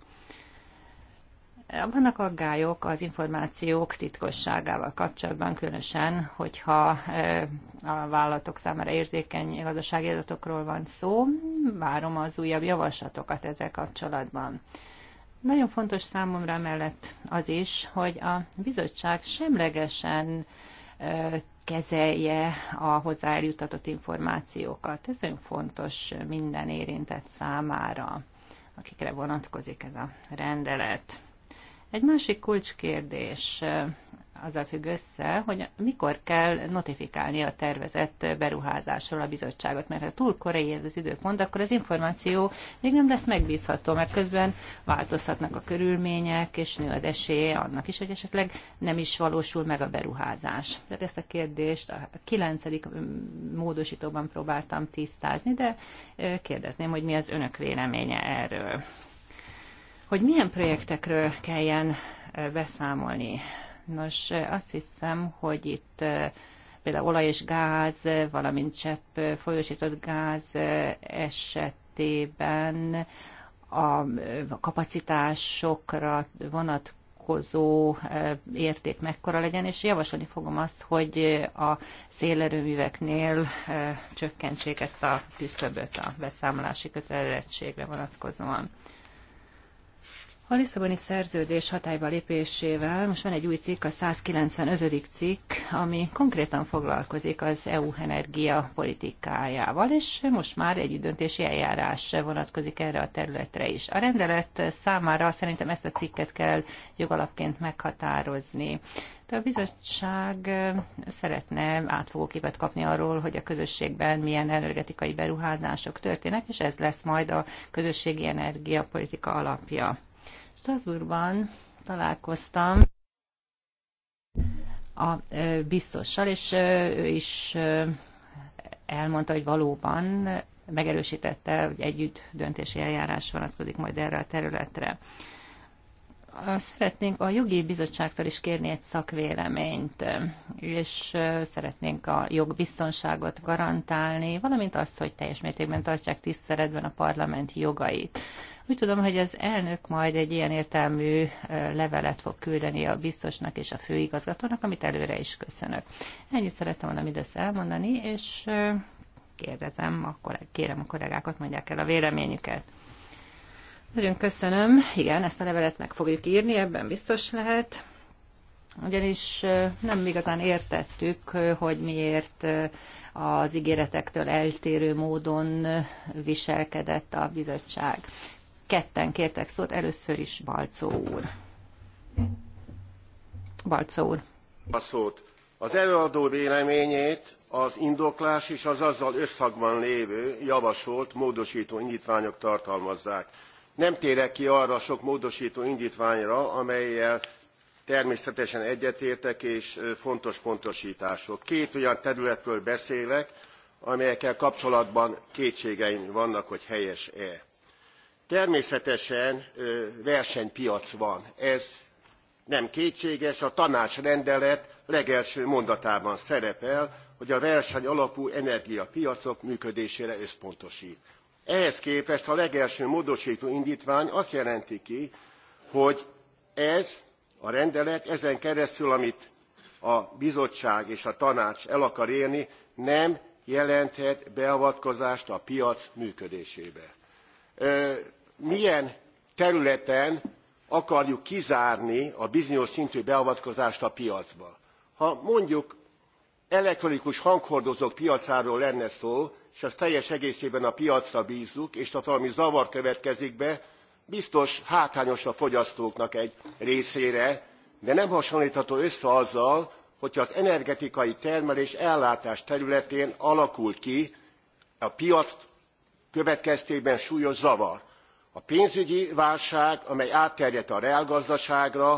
Vannak aggályok az információk titkosságával kapcsolatban, különösen, hogyha e, a vállalatok számára érzékeny gazdasági adatokról van szó, várom az újabb javaslatokat ezzel kapcsolatban. Nagyon fontos számomra mellett az is, hogy a bizottság semlegesen e, kezelje a hozzájutatott információkat. Ez nagyon fontos minden érintett számára, akikre vonatkozik ez a rendelet. Egy másik kulcskérdés azzal függ össze, hogy mikor kell notifikálni a tervezett beruházásról a bizottságot, mert ha túl korai ez az időpont, akkor az információ még nem lesz megbízható, mert közben változhatnak a körülmények, és nő az esélye annak is, hogy esetleg nem is valósul meg a beruházás. Tehát ezt a kérdést a kilencedik módosítóban próbáltam tisztázni, de kérdezném, hogy mi az önök véleménye erről. Hogy milyen projektekről kelljen beszámolni Nos, azt hiszem, hogy itt eh, például olaj és gáz, valamint csepp eh, folyósított gáz eh, esetében a kapacitásokra vonatkozó vonatkozó érték mekkora legyen, és javasolni fogom azt, hogy a szélerőműveknél csökkentsék ezt a küszöböt a beszámolási kötelezettségre vonatkozóan. A Lisszaboni szerződés hatályba lépésével most van egy új cikk, a 195. cikk, ami konkrétan foglalkozik az EU energia politikájával, és most már egy döntési eljárás vonatkozik erre a területre is. A rendelet számára szerintem ezt a cikket kell jogalapként meghatározni. De a bizottság szeretne átfogó képet kapni arról, hogy a közösségben milyen energetikai beruházások történnek, és ez lesz majd a közösségi energiapolitika alapja. Strasbourgban találkoztam a biztossal, és ő is elmondta, hogy valóban megerősítette, hogy együtt döntési eljárás vonatkozik majd erre a területre. Szeretnénk a jogi bizottságtól is kérni egy szakvéleményt, és szeretnénk a jogbiztonságot garantálni, valamint azt, hogy teljes mértékben tartsák tiszteletben a parlament jogait. Úgy tudom, hogy az elnök majd egy ilyen értelmű levelet fog küldeni a biztosnak és a főigazgatónak, amit előre is köszönök. Ennyit szerettem volna mindössze elmondani, és kérdezem, akkor kérem a kollégákat, mondják el a véleményüket. Nagyon köszönöm. Igen, ezt a levelet meg fogjuk írni, ebben biztos lehet. Ugyanis nem igazán értettük, hogy miért az ígéretektől eltérő módon viselkedett a bizottság ketten kértek szót, először is Balcó úr. Balcó úr. A szót. Az előadó véleményét az indoklás és az azzal összhangban lévő javasolt módosító indítványok tartalmazzák. Nem térek ki arra a sok módosító indítványra, amelyel természetesen egyetértek és fontos pontosítások. Két olyan területről beszélek, amelyekkel kapcsolatban kétségeim vannak, hogy helyes-e természetesen versenypiac van ez nem kétséges a tanácsrendelet legelső mondatában szerepel hogy a verseny alapú energiapiacok működésére összpontost. ehhez képest a legelső módostó indtvány azt jelenti ki hogy ez a rendelet ezen keresztül amit a bizottság és a tanács el akar érni nem jelenthet beavatkozást a piac működésébe milyen területen akarjuk kizárni a bizonyos szintű beavatkozást a piacba. ha mondjuk elektronikus hanghordozók piacáról lenne szó és azt teljes egészében a piacra bzzuk és ott valami zavar következik be biztos hátrányos a fogyasztóknak egy részére de nem hasonltható össze azzal hogyha az energetikai termelés ellátás területén alakul ki a piac következtében súlyos zavar a pénzügyi válság amely átterjedt a reálgazdaságra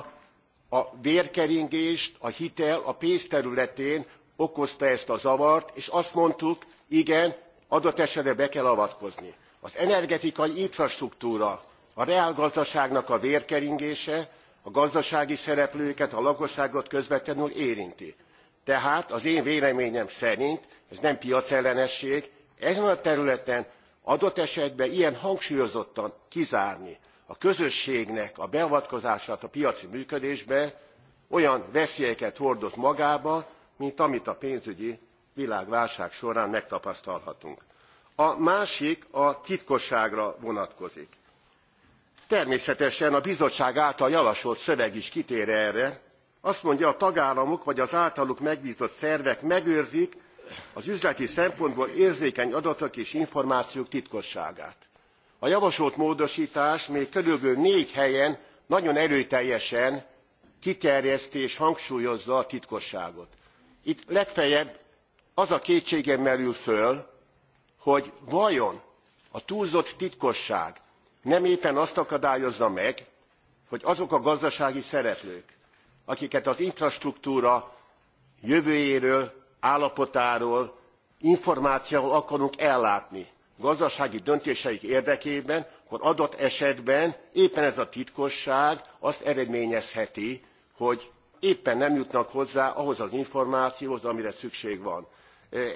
a vérkeringést a hitel a pénz területén okozta ezt a zavart és azt mondtuk igen adott esetben be kell avatkozni. az energetikai infrastruktúra a reálgazdaságnak a vérkeringése a gazdasági szereplőket a lakosságot közvetlenül érinti. tehát az én véleményem szerint ez nem piacellenesség ezen a területen adott esetben ilyen hangsúlyozottan kizárni a közösségnek a beavatkozását a piaci működésbe olyan veszélyeket hordoz magában mint amit a pénzügyi világválság során megtapasztalhatunk. a másik a titkosságra vonatkozik. természetesen a bizottság által javasolt szöveg is kitér erre azt mondja a tagállamok vagy az általuk megbzott szervek megőrzik az üzleti szempontból érzékeny adatok és információk titkosságát. a javasolt módostás még körülbelül négy helyen nagyon erőteljesen kiterjeszti és hangsúlyozza a titkosságot. itt legfeljebb az a kétségem merül föl hogy vajon a túlzott titkosság nem éppen azt akadályozza meg hogy azok a gazdasági szereplők akiket az infrastruktúra jövőjéről állapotáról információval akarunk ellátni gazdasági döntéseik érdekében akkor adott esetben éppen ez a titkosság azt eredményezheti hogy éppen nem jutnak hozzá ahhoz az információhoz amire szükség van.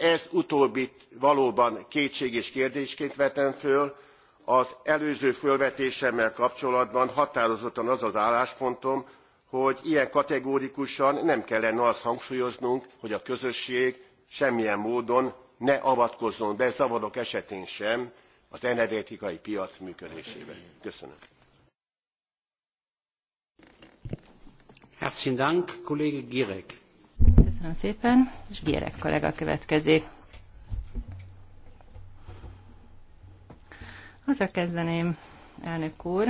ez utóbbit valóban kétséges kérdésként vetem föl az előző fölvetésemmel kapcsolatban határozottan az az álláspontom hogy ilyen kategórikusan nem kellene azt hangsúlyoznunk hogy a közösség semmilyen módon ne avatkozzon be zavarok esetén sem az energetikai piac működésébe. köszönöm. Herzlichen Dank, Kollege Gierek. Köszönöm szépen, és Gierek kollega következik. Azzal kezdeném, elnök úr,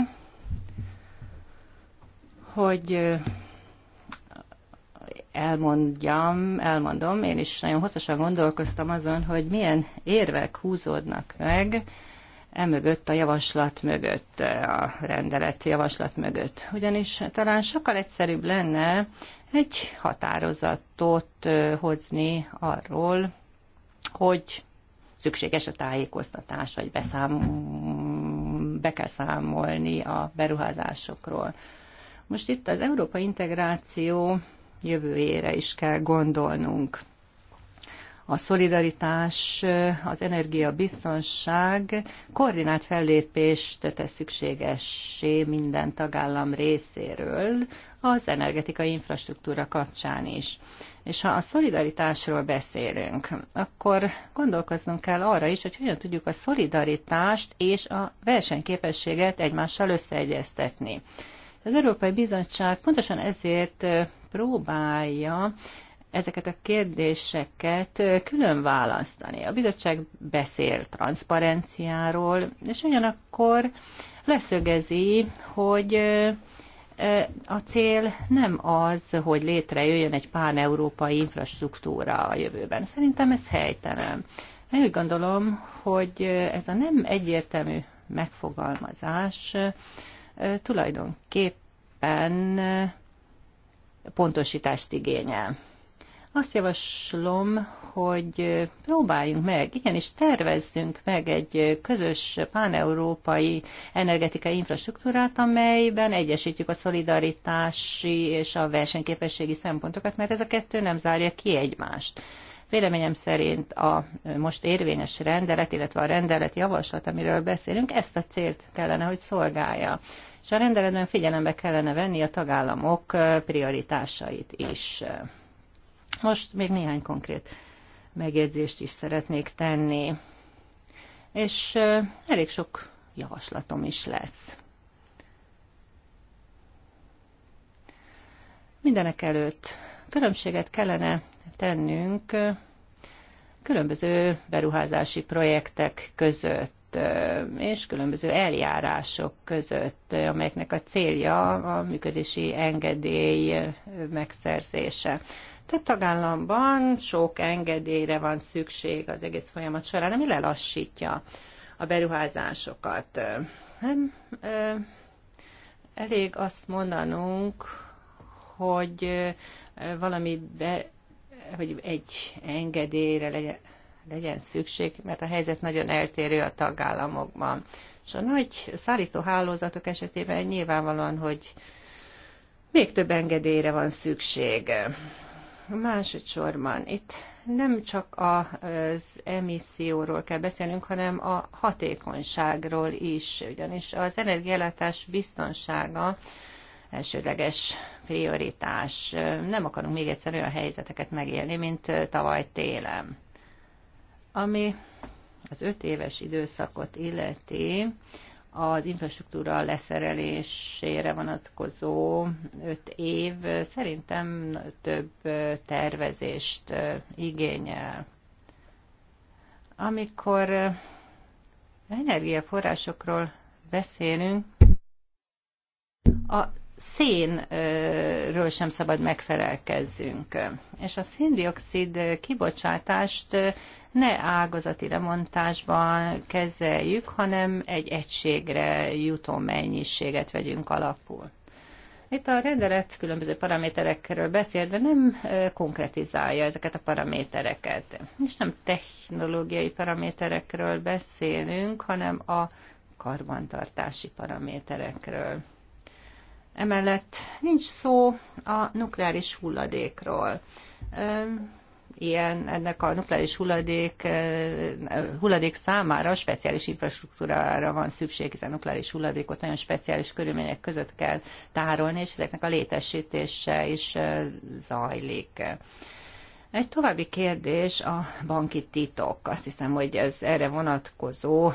hogy elmondjam, elmondom, én is nagyon hosszasan gondolkoztam azon, hogy milyen érvek húzódnak meg emögött a javaslat mögött, a rendelet javaslat mögött. Ugyanis talán sokkal egyszerűbb lenne egy határozatot hozni arról, hogy szükséges a tájékoztatás, vagy beszám, be kell számolni a beruházásokról. Most itt az Európa integráció jövőjére is kell gondolnunk. A szolidaritás, az energiabiztonság koordinált fellépést tesz szükségessé minden tagállam részéről az energetikai infrastruktúra kapcsán is. És ha a szolidaritásról beszélünk, akkor gondolkoznunk kell arra is, hogy hogyan tudjuk a szolidaritást és a versenyképességet egymással összeegyeztetni. Az Európai Bizottság pontosan ezért próbálja ezeket a kérdéseket külön választani. A bizottság beszél transzparenciáról, és ugyanakkor leszögezi, hogy a cél nem az, hogy létrejöjjön egy pán-európai infrastruktúra a jövőben. Szerintem ez helytelen. Én úgy gondolom, hogy ez a nem egyértelmű megfogalmazás tulajdonképpen pontosítást igényel. Azt javaslom, hogy próbáljunk meg, igenis tervezzünk meg egy közös páneurópai energetikai infrastruktúrát, amelyben egyesítjük a szolidaritási és a versenyképességi szempontokat, mert ez a kettő nem zárja ki egymást. Véleményem szerint a most érvényes rendelet, illetve a rendelet javaslat, amiről beszélünk, ezt a célt kellene, hogy szolgálja. És a rendeletben figyelembe kellene venni a tagállamok prioritásait is. Most még néhány konkrét megjegyzést is szeretnék tenni, és elég sok javaslatom is lesz. Mindenek előtt különbséget kellene tennünk különböző beruházási projektek között és különböző eljárások között, amelyeknek a célja a működési engedély megszerzése. Több tagállamban sok engedélyre van szükség az egész folyamat során, ami lelassítja a beruházásokat. Elég azt mondanunk, hogy valami be, hogy egy engedélyre legyen, legyen szükség, mert a helyzet nagyon eltérő a tagállamokban. És a nagy szállítóhálózatok esetében nyilvánvalóan, hogy még több engedélyre van szükség. Másodszorban itt nem csak az emisszióról kell beszélnünk, hanem a hatékonyságról is, ugyanis az energiállátás biztonsága elsődleges prioritás. Nem akarunk még egyszer olyan helyzeteket megélni, mint tavaly télen. Ami az öt éves időszakot illeti, az infrastruktúra leszerelésére vonatkozó öt év szerintem több tervezést igényel. Amikor energiaforrásokról beszélünk, a szénről sem szabad megfelelkezzünk. És a széndiokszid kibocsátást ne ágazati lemontásban kezeljük, hanem egy egységre jutó mennyiséget vegyünk alapul. Itt a rendelet különböző paraméterekről beszél, de nem konkretizálja ezeket a paramétereket. És nem technológiai paraméterekről beszélünk, hanem a karbantartási paraméterekről. Emellett nincs szó a nukleáris hulladékról. Ilyen, ennek a nukleáris hulladék, hulladék számára speciális infrastruktúrára van szükség, hiszen nukleáris hulladékot nagyon speciális körülmények között kell tárolni, és ezeknek a létesítése is zajlik. Egy további kérdés a banki titok. Azt hiszem, hogy ez erre vonatkozó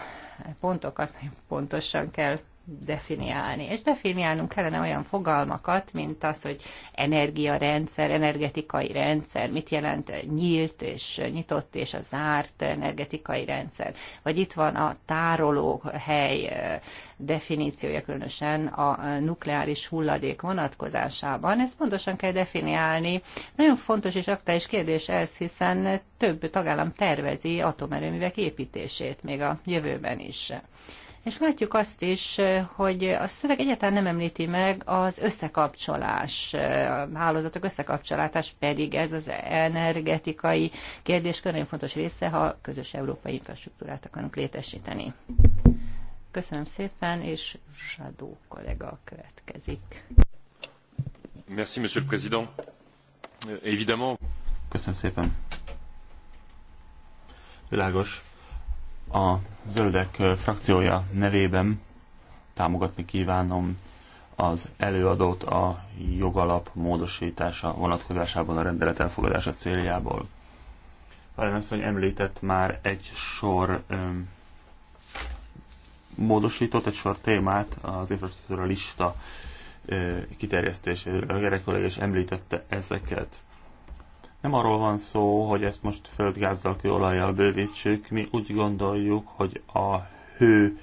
pontokat pontosan kell definiálni. És definiálnunk kellene olyan fogalmakat, mint az, hogy energiarendszer, energetikai rendszer, mit jelent nyílt és nyitott és a zárt energetikai rendszer. Vagy itt van a tároló hely eh, definíciója, különösen a nukleáris hulladék vonatkozásában. Ezt pontosan kell definiálni. Nagyon fontos és aktuális kérdés ez, hiszen több tagállam tervezi atomerőművek építését még a jövőben is. És látjuk azt is, hogy a szöveg egyáltalán nem említi meg az összekapcsolás, a hálózatok összekapcsolás pedig ez az energetikai kérdés nagyon fontos része, ha közös európai infrastruktúrát akarunk létesíteni. Köszönöm szépen, és Zsadó kollega következik. Merci, Monsieur le Président. Évidemment. Köszönöm szépen. Világos, a zöldek frakciója nevében támogatni kívánom az előadót a jogalap módosítása vonatkozásában a rendelet elfogadása céljából. azt, hogy említett már egy sor öm, módosított, egy sor témát az infrastruktúra lista ö, kiterjesztésére. A gyerekkollég is említette ezeket. Nem arról van szó, hogy ezt most földgázzal, kőolajjal bővítsük. Mi úgy gondoljuk, hogy a hő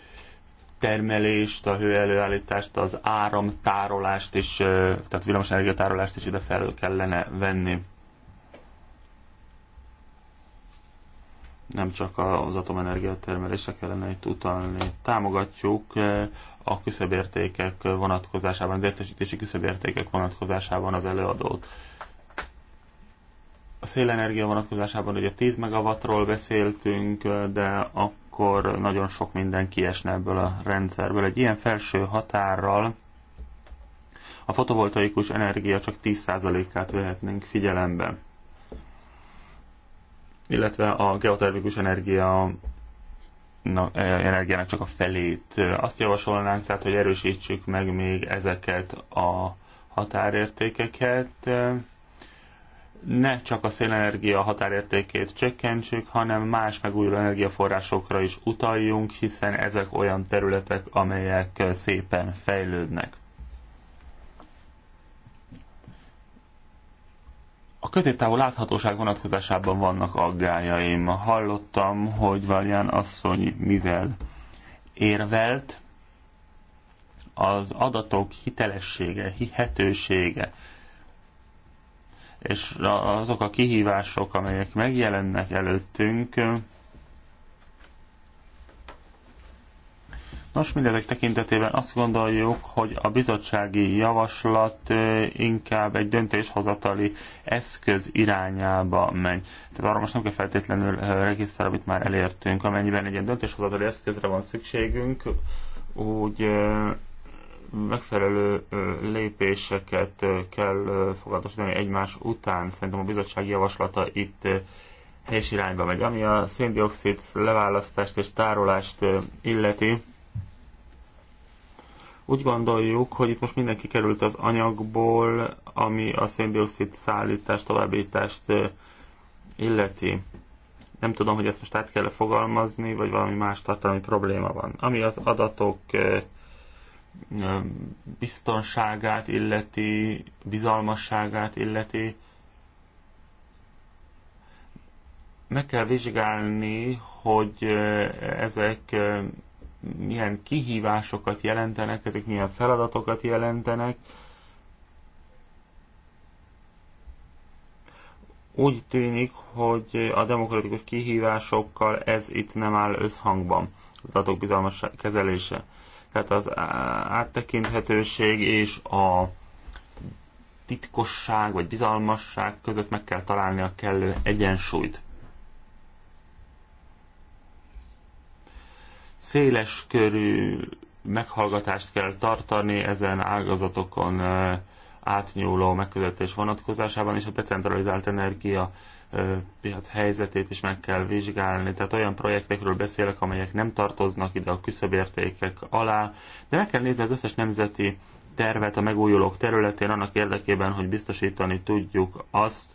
termelést, a hő előállítást, az áramtárolást is, tehát villamosenergia is ide fel kellene venni. nem csak az atomenergia termelése kellene itt utalni. Támogatjuk a küszöbértékek vonatkozásában, az értesítési küszöbértékek vonatkozásában az előadót a szélenergia vonatkozásában ugye 10 megawattról beszéltünk, de akkor nagyon sok minden kiesne ebből a rendszerből. Egy ilyen felső határral a fotovoltaikus energia csak 10%-át vehetnénk figyelembe. Illetve a geotermikus energia na, energiának csak a felét. Azt javasolnánk, tehát, hogy erősítsük meg még ezeket a határértékeket ne csak a szélenergia határértékét csökkentsük, hanem más megújuló energiaforrásokra is utaljunk, hiszen ezek olyan területek, amelyek szépen fejlődnek. A középtávú láthatóság vonatkozásában vannak aggájaim. Hallottam, hogy Valján asszony mivel érvelt, az adatok hitelessége, hihetősége, és azok a kihívások, amelyek megjelennek előttünk, Nos, mindezek tekintetében azt gondoljuk, hogy a bizottsági javaslat inkább egy döntéshozatali eszköz irányába megy. Tehát arra most nem kell feltétlenül regisztrálni, amit már elértünk. Amennyiben egy ilyen döntéshozatali eszközre van szükségünk, úgy megfelelő lépéseket kell fogadosítani egymás után. Szerintem a bizottság javaslata itt helyes irányba megy. Ami a széndiokszid leválasztást és tárolást illeti, úgy gondoljuk, hogy itt most mindenki került az anyagból, ami a széndiokszid szállítást, továbbítást illeti. Nem tudom, hogy ezt most át kell -e fogalmazni, vagy valami más tartalmi probléma van. Ami az adatok biztonságát illeti, bizalmasságát illeti. Meg kell vizsgálni, hogy ezek milyen kihívásokat jelentenek, ezek milyen feladatokat jelentenek. Úgy tűnik, hogy a demokratikus kihívásokkal ez itt nem áll összhangban, az adatok bizalmas kezelése tehát az áttekinthetőség és a titkosság vagy bizalmasság között meg kell találni a kellő egyensúlyt. Széles körű meghallgatást kell tartani ezen ágazatokon átnyúló megközelítés vonatkozásában, és a decentralizált energia piac helyzetét is meg kell vizsgálni. Tehát olyan projektekről beszélek, amelyek nem tartoznak ide a küszöbértékek alá, de meg kell nézni az összes nemzeti tervet a megújulók területén annak érdekében, hogy biztosítani tudjuk azt,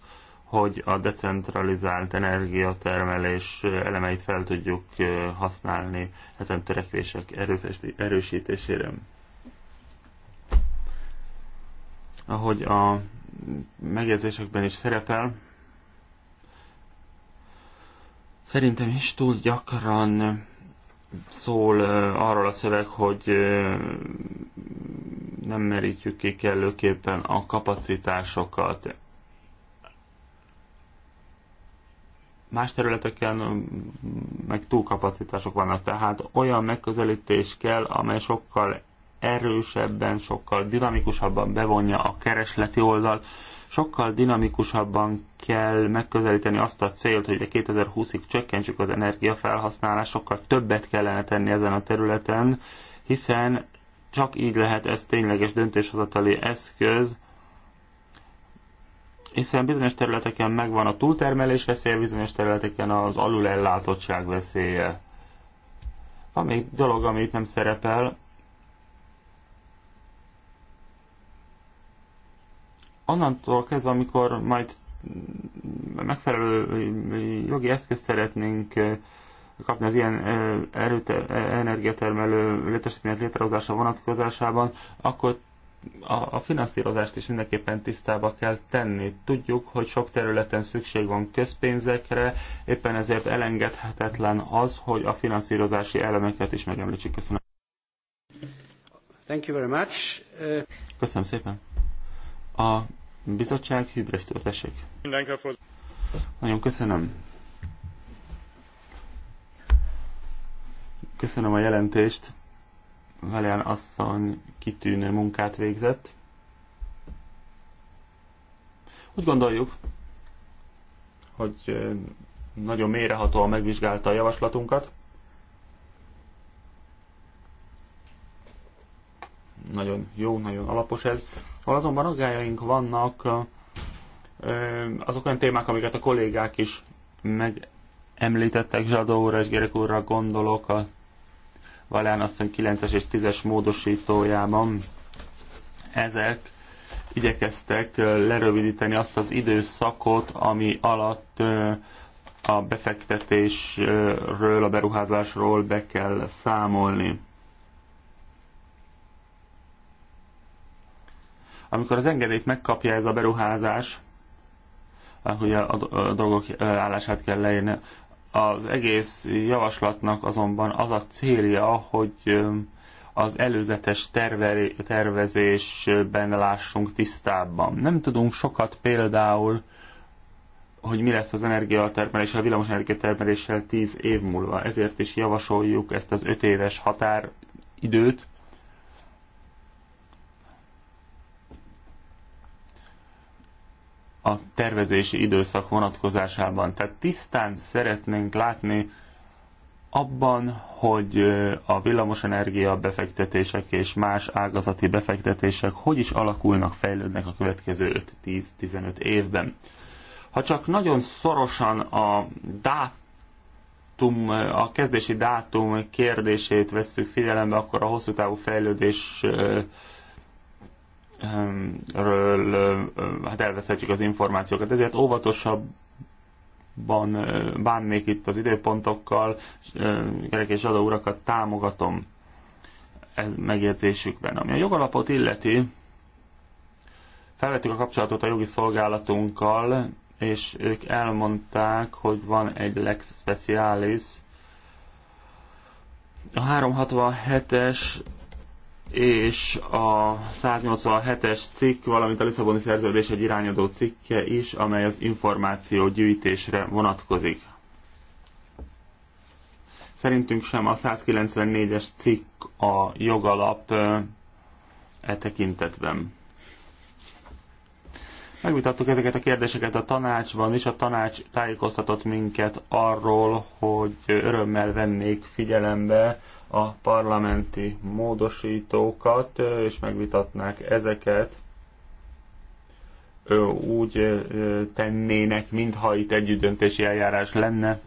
hogy a decentralizált energiatermelés elemeit fel tudjuk használni ezen törekvések erősítésére. Ahogy a megjegyzésekben is szerepel, Szerintem is túl gyakran szól arról a szöveg, hogy nem merítjük ki kellőképpen a kapacitásokat. Más területeken meg túlkapacitások vannak, tehát olyan megközelítés kell, amely sokkal erősebben, sokkal dinamikusabban bevonja a keresleti oldalt, Sokkal dinamikusabban kell megközelíteni azt a célt, hogy 2020-ig csökkentsük az energiafelhasználást, sokkal többet kellene tenni ezen a területen, hiszen csak így lehet ez tényleges döntéshozatali eszköz, hiszen bizonyos területeken megvan a túltermelés veszélye, bizonyos területeken az alulellátottság veszélye. Van még dolog, ami itt nem szerepel, onnantól kezdve, amikor majd megfelelő jogi eszközt szeretnénk eh, kapni az ilyen eh, erőte, eh, energiatermelő létesítmények létrehozása vonatkozásában, akkor a, a finanszírozást is mindenképpen tisztába kell tenni. Tudjuk, hogy sok területen szükség van közpénzekre, éppen ezért elengedhetetlen az, hogy a finanszírozási elemeket is megemlítsük. Köszönöm. Thank you very much. Uh... Köszönöm szépen. A Bizottság, hűbres törtesek. Nagyon köszönöm. Köszönöm a jelentést. Velen asszony kitűnő munkát végzett. Úgy gondoljuk, hogy nagyon mélyrehatóan megvizsgálta a javaslatunkat. Nagyon jó, nagyon alapos ez. Ahol azonban aggájaink vannak, azok olyan témák, amiket a kollégák is megemlítettek, Zsadó úrra és Gerek úrra gondolok a Valán asszony 9-es és 10-es módosítójában. Ezek igyekeztek lerövidíteni azt az időszakot, ami alatt a befektetésről, a beruházásról be kell számolni. Amikor az engedélyt megkapja ez a beruházás, hogy eh, a, a eh, dolgok eh, állását kell leírni, az egész javaslatnak azonban az a célja, hogy az előzetes tervezésben lássunk tisztábban. Nem tudunk sokat például, hogy mi lesz az energiatermelés, a villamosenergia termeléssel 10 év múlva. Ezért is javasoljuk ezt az 5 éves határidőt, a tervezési időszak vonatkozásában. Tehát tisztán szeretnénk látni abban, hogy a villamosenergia befektetések és más ágazati befektetések hogy is alakulnak, fejlődnek a következő 5-10-15 évben. Ha csak nagyon szorosan a dát dátum, a kezdési dátum kérdését vesszük figyelembe, akkor a hosszú távú fejlődés Ehm, ről hát elveszhetjük az információkat. Ezért óvatosabb bánnék itt az időpontokkal, Gerek és adó urakat támogatom ez megjegyzésükben. Ami a jogalapot illeti, felvettük a kapcsolatot a jogi szolgálatunkkal, és ők elmondták, hogy van egy lex specialis. A 367-es és a 187-es cikk, valamint a Lisszaboni szerződés egy irányadó cikke is, amely az információ gyűjtésre vonatkozik. Szerintünk sem a 194-es cikk a jogalap e tekintetben. Megvitattuk ezeket a kérdéseket a tanácsban, és a tanács tájékoztatott minket arról, hogy örömmel vennék figyelembe a parlamenti módosítókat, és megvitatnák ezeket, úgy tennének, mintha itt együttdöntési eljárás lenne.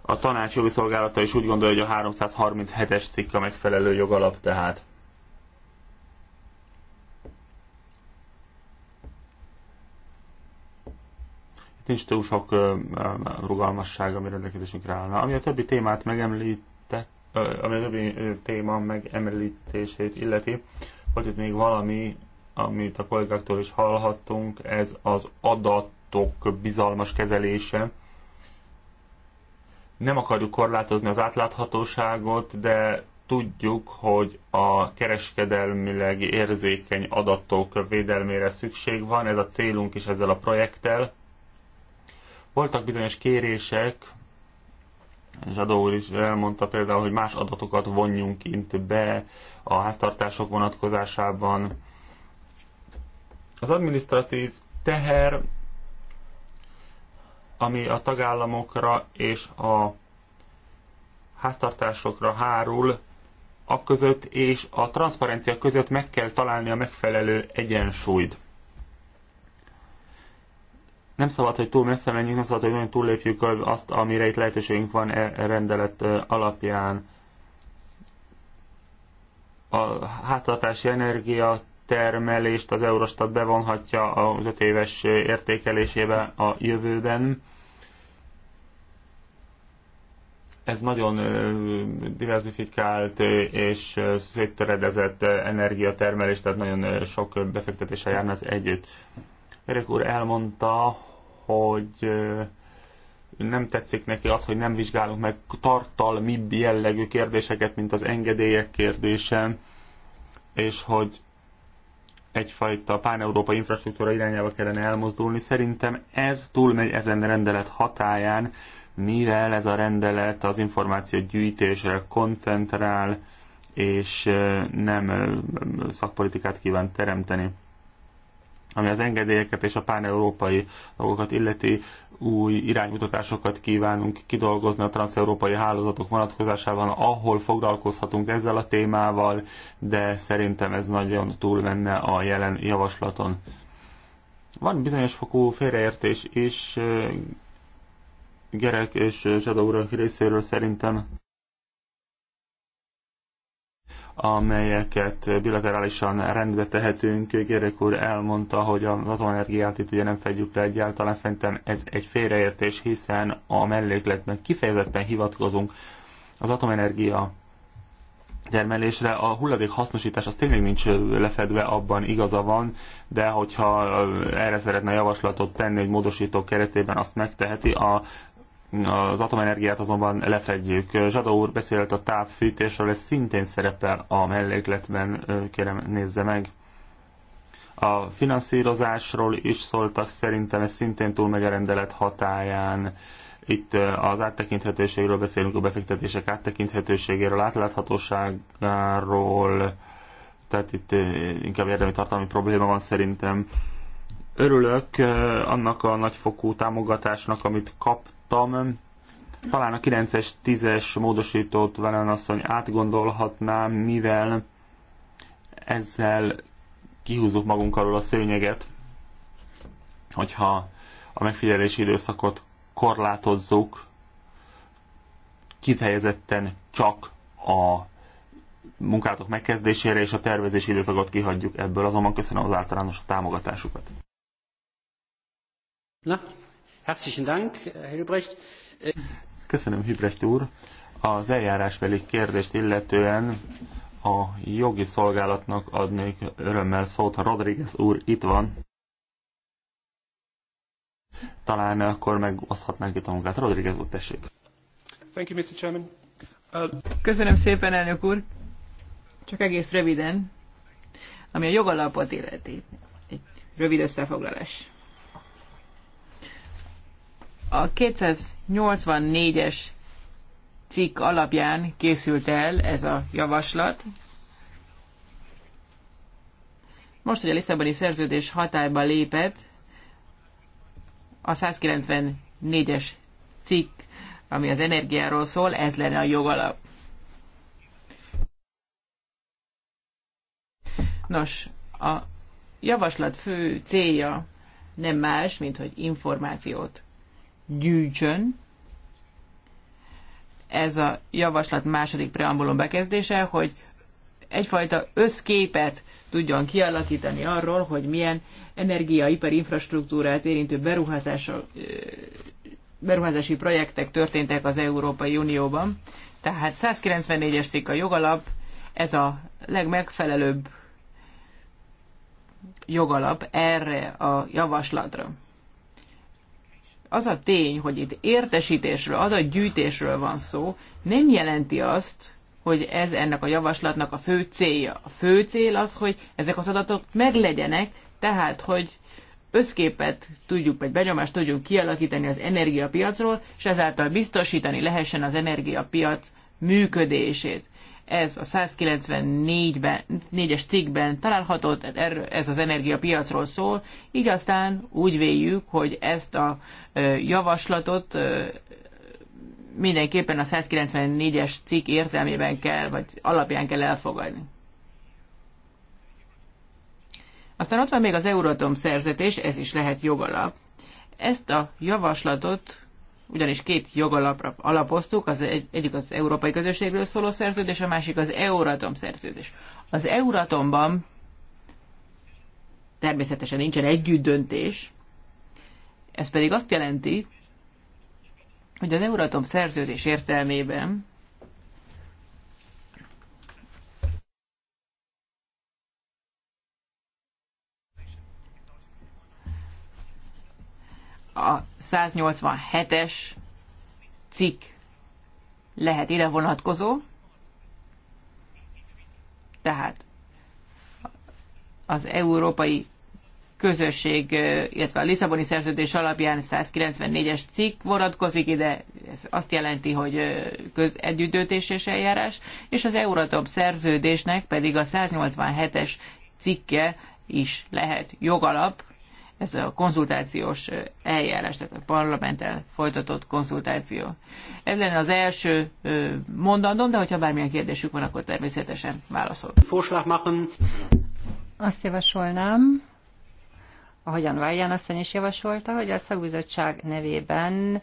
A tanács jogi szolgálata is úgy gondolja, hogy a 337-es cikk a megfelelő jogalap tehát. nincs túl sok rugalmasság, ami rendelkezésünkre állna. Ami a többi témát megemlített, ami a többi téma megemlítését illeti, volt itt még valami, amit a kollégáktól is hallhattunk, ez az adatok bizalmas kezelése. Nem akarjuk korlátozni az átláthatóságot, de tudjuk, hogy a kereskedelmileg érzékeny adatok védelmére szükség van, ez a célunk is ezzel a projekttel. Voltak bizonyos kérések, és Adó úr is elmondta például, hogy más adatokat vonjunk kint be a háztartások vonatkozásában. Az administratív teher, ami a tagállamokra és a háztartásokra hárul, a között és a transzparencia között meg kell találni a megfelelő egyensúlyt. Nem szabad, hogy túl messze menjünk, nem szabad, hogy nagyon túllépjük azt, amire itt lehetőségünk van e rendelet alapján. A háztartási energia termelést az Eurostat bevonhatja az öt éves értékelésébe a jövőben. ez nagyon diversifikált és széttöredezett energiatermelés, tehát nagyon sok befektetéssel járna az együtt. Erik úr elmondta, hogy nem tetszik neki az, hogy nem vizsgálunk meg tartalmi jellegű kérdéseket, mint az engedélyek kérdése, és hogy egyfajta páneurópa infrastruktúra irányába kellene elmozdulni. Szerintem ez túlmegy ezen rendelet hatáján, mivel ez a rendelet az információ gyűjtésre koncentrál, és nem szakpolitikát kíván teremteni ami az engedélyeket és a páneurópai dolgokat illeti új iránymutatásokat kívánunk kidolgozni a transzeurópai hálózatok vonatkozásában, ahol foglalkozhatunk ezzel a témával, de szerintem ez nagyon túl menne a jelen javaslaton. Van bizonyos fokú félreértés is Gerek és Zsadó részéről szerintem amelyeket bilaterálisan rendbe tehetünk. Gyerek úr elmondta, hogy az atomenergiát itt ugye nem fedjük le egyáltalán. Szerintem ez egy félreértés, hiszen a mellékletben kifejezetten hivatkozunk az atomenergia termelésre. A hulladék hasznosítás az tényleg nincs lefedve, abban igaza van, de hogyha erre szeretne javaslatot tenni egy módosító keretében, azt megteheti. A az atomenergiát azonban lefedjük. Zsada úr beszélt a távfűtésről, ez szintén szerepel a mellékletben, kérem nézze meg. A finanszírozásról is szóltak, szerintem ez szintén túlmegy a rendelet hatáján. Itt az áttekinthetőségről beszélünk, a befektetések áttekinthetőségéről, átláthatóságáról, tehát itt inkább érdemi tartalmi probléma van szerintem. Örülök annak a nagyfokú támogatásnak, amit kap hallottam. Talán a 9-es, 10-es módosítót Velen asszony átgondolhatnám, mivel ezzel kihúzunk magunk alól a szőnyeget, hogyha a megfigyelési időszakot korlátozzuk, kifejezetten csak a munkátok megkezdésére és a tervezési időszakot kihagyjuk ebből, azonban köszönöm az általános támogatásukat. Na, Herzlichen Dank, Hilbrecht. Köszönöm, Hübrecht úr. Az eljárásbeli kérdést illetően a jogi szolgálatnak adnék örömmel szót, ha Rodriguez úr itt van. Talán akkor megoszthatnánk itt a munkát. Rodriguez úr, tessék. Thank you, Mr. Chairman. Uh... Köszönöm szépen, elnök úr. Csak egész röviden, ami a jogalapot illeti. Egy rövid összefoglalás. A 284-es cikk alapján készült el ez a javaslat. Most, hogy a Lisszaboni szerződés hatályba lépett, a 194-es cikk, ami az energiáról szól, ez lenne a jogalap. Nos, a javaslat fő célja nem más, mint hogy információt gyűjtsön. Ez a javaslat második preambulum bekezdése, hogy egyfajta összképet tudjon kialakítani arról, hogy milyen energiaipari infrastruktúrát érintő beruházási projektek történtek az Európai Unióban. Tehát 194-es cikk a jogalap, ez a legmegfelelőbb jogalap erre a javaslatra az a tény, hogy itt értesítésről, adatgyűjtésről van szó, nem jelenti azt, hogy ez ennek a javaslatnak a fő célja. A fő cél az, hogy ezek az adatok meglegyenek, tehát, hogy összképet tudjuk, vagy benyomást tudjuk kialakítani az energiapiacról, és ezáltal biztosítani lehessen az energiapiac működését. Ez a 194-es cikkben található, ez az energiapiacról szól, így aztán úgy véljük, hogy ezt a javaslatot mindenképpen a 194-es cikk értelmében kell, vagy alapján kell elfogadni. Aztán ott van még az Euratom szerzetés, ez is lehet jogalap. Ezt a javaslatot ugyanis két jogalapra alapoztuk, az egy, egyik az Európai Közösségről szóló szerződés, a másik az Euratom szerződés. Az Euratomban természetesen nincsen együtt döntés, ez pedig azt jelenti, hogy az Euratom szerződés értelmében a 187-es cikk lehet ide vonatkozó. Tehát az európai közösség, illetve a Lisszaboni szerződés alapján 194-es cikk vonatkozik ide, ez azt jelenti, hogy együttdöntés és eljárás, és az Euratom szerződésnek pedig a 187-es cikke is lehet jogalap, ez a konzultációs eljárás, tehát a parlamenttel folytatott konzultáció. Ez lenne az első mondandom, de hogyha bármilyen kérdésük van, akkor természetesen válaszol. Azt javasolnám, ahogyan Várján aztán is javasolta, hogy a szakbizottság nevében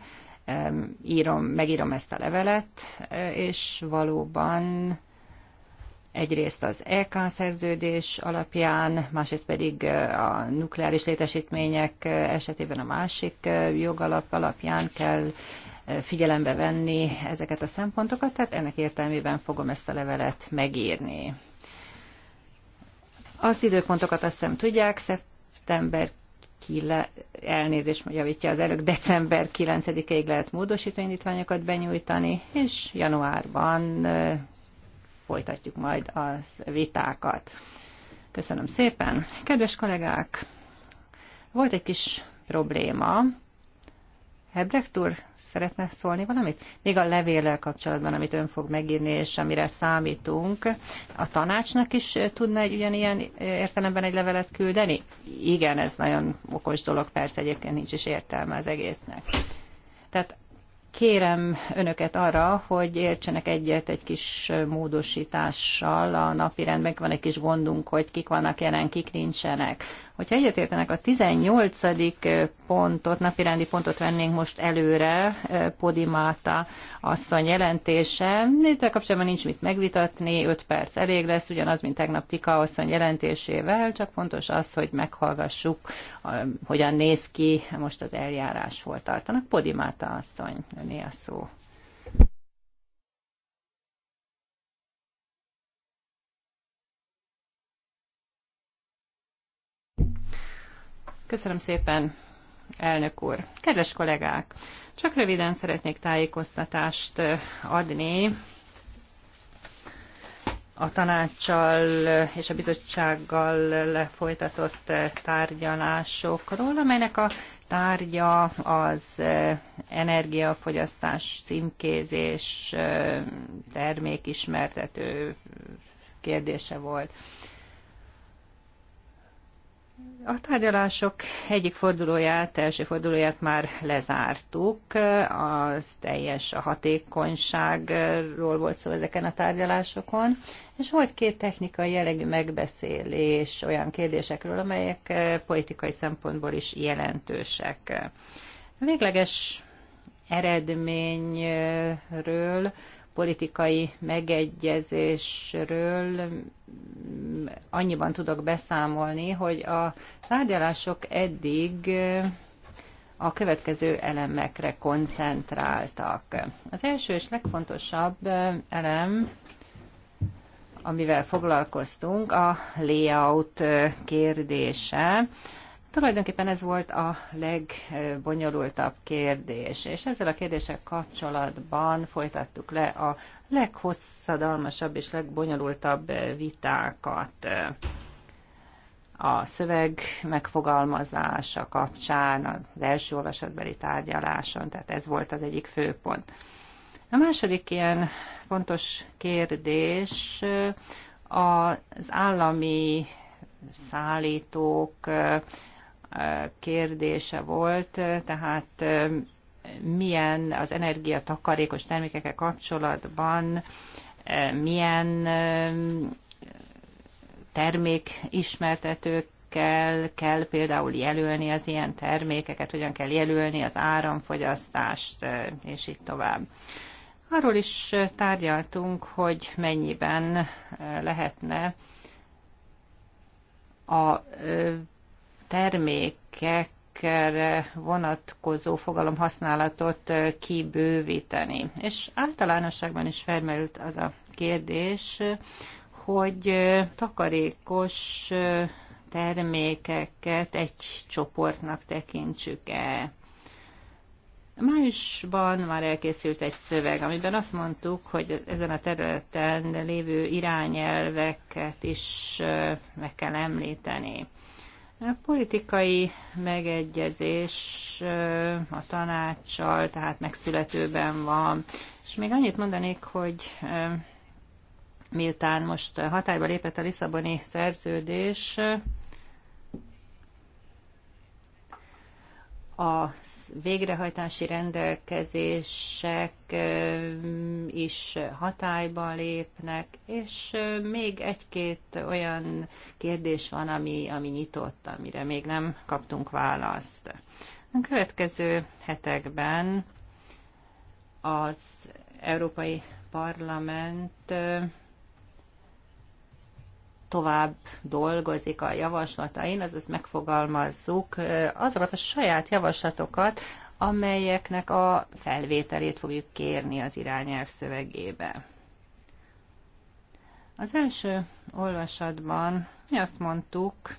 írom, megírom ezt a levelet, és valóban egyrészt az EK szerződés alapján, másrészt pedig a nukleáris létesítmények esetében a másik jogalap alapján kell figyelembe venni ezeket a szempontokat, tehát ennek értelmében fogom ezt a levelet megírni. Az időpontokat azt hiszem tudják, szeptember 9, elnézést javítja az elők, december 9-ig lehet módosító indítványokat benyújtani, és januárban folytatjuk majd az vitákat. Köszönöm szépen. Kedves kollégák, volt egy kis probléma. Hebrecht úr szeretne szólni valamit? Még a levéllel kapcsolatban, amit ön fog megírni, és amire számítunk, a tanácsnak is tudna egy ugyanilyen értelemben egy levelet küldeni? Igen, ez nagyon okos dolog, persze egyébként nincs is értelme az egésznek. Tehát kérem önöket arra, hogy értsenek egyet egy kis módosítással a napirendben. Van egy kis gondunk, hogy kik vannak jelen, kik nincsenek. Hogyha egyetértenek a 18. pontot, napirendi pontot vennénk most előre, Podimáta asszony jelentése. Itt kapcsolatban nincs mit megvitatni, 5 perc elég lesz, ugyanaz, mint tegnap Tika asszony jelentésével, csak fontos az, hogy meghallgassuk, hogyan néz ki most az eljárás, hol tartanak. Podimáta asszony, öné a szó. Köszönöm szépen, elnök úr. Kedves kollégák, csak röviden szeretnék tájékoztatást eh, adni a tanácssal eh, és a bizottsággal lefolytatott eh, tárgyalásokról, amelynek a tárgya az energiafogyasztás címkézés termékismertető kérdése volt. A tárgyalások egyik fordulóját, első fordulóját már lezártuk, az teljes a hatékonyságról volt szó ezeken a tárgyalásokon, és volt két technikai jellegű megbeszélés olyan kérdésekről, amelyek politikai szempontból is jelentősek. A végleges eredményről politikai megegyezésről annyiban tudok beszámolni, hogy a tárgyalások eddig a következő elemekre koncentráltak. Az első és legfontosabb elem, amivel foglalkoztunk, a layout kérdése Tulajdonképpen ez volt a legbonyolultabb kérdés, és ezzel a kérdéssel kapcsolatban folytattuk le a leghosszadalmasabb és legbonyolultabb vitákat a szöveg megfogalmazása kapcsán, az első olvasatbeli tárgyaláson, tehát ez volt az egyik főpont. A második ilyen fontos kérdés az állami szállítók kérdése volt, tehát milyen az energiatakarékos termékekkel kapcsolatban, milyen termék ismertetők kell, kell például jelölni az ilyen termékeket, hogyan kell jelölni az áramfogyasztást, és így tovább. Arról is tárgyaltunk, hogy mennyiben lehetne a termékekre vonatkozó fogalom használatot kibővíteni. És általánosságban is felmerült az a kérdés, hogy takarékos termékeket egy csoportnak tekintsük-e. Májusban már elkészült egy szöveg, amiben azt mondtuk, hogy ezen a területen lévő irányelveket is meg kell említeni. A politikai megegyezés a tanácssal, tehát megszületőben van. És még annyit mondanék, hogy miután most hatályba lépett a Lisszaboni szerződés, a végrehajtási rendelkezések is hatályba lépnek, és még egy-két olyan kérdés van, ami, ami nyitott, amire még nem kaptunk választ. A következő hetekben az Európai Parlament tovább dolgozik a javaslatain, azaz megfogalmazzuk azokat a saját javaslatokat, amelyeknek a felvételét fogjuk kérni az irányelv szövegébe. Az első olvasatban mi azt mondtuk,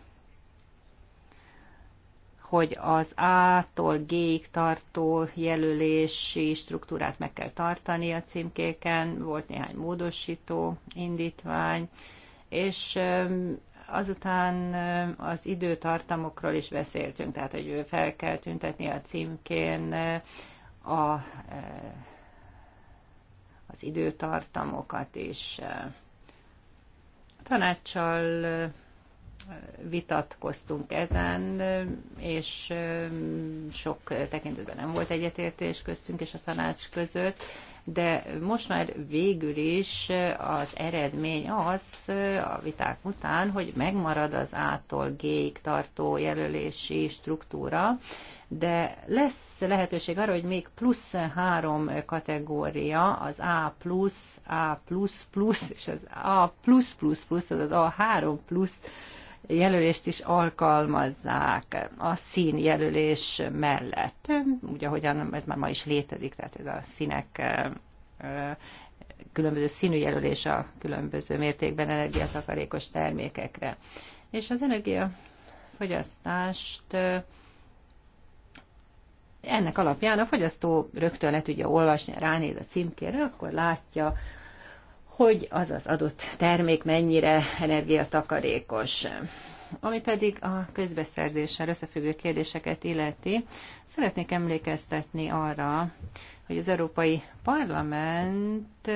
hogy az A-tól G-ig tartó jelölési struktúrát meg kell tartani a címkéken, volt néhány módosító indítvány, és azután az időtartamokról is beszéltünk, tehát hogy fel kell tüntetni a címkén a, az időtartamokat is. A tanácssal vitatkoztunk ezen, és sok tekintetben nem volt egyetértés köztünk és a tanács között, de most már végül is az eredmény az a viták után, hogy megmarad az A-tól G-ig tartó jelölési struktúra, de lesz lehetőség arra, hogy még plusz három kategória, az A plusz, A plusz plusz, és az A plusz plusz plusz, az az A3 plusz jelölést is alkalmazzák a színjelölés mellett. Úgy, ahogyan ez már ma is létezik, tehát ez a színek különböző színű jelölés a különböző mértékben energiatakarékos termékekre. És az energiafogyasztást ennek alapján a fogyasztó rögtön le tudja olvasni, ránéz a címkére, akkor látja, hogy az az adott termék mennyire energiatakarékos. Ami pedig a közbeszerzéssel összefüggő kérdéseket illeti, szeretnék emlékeztetni arra, hogy az Európai Parlament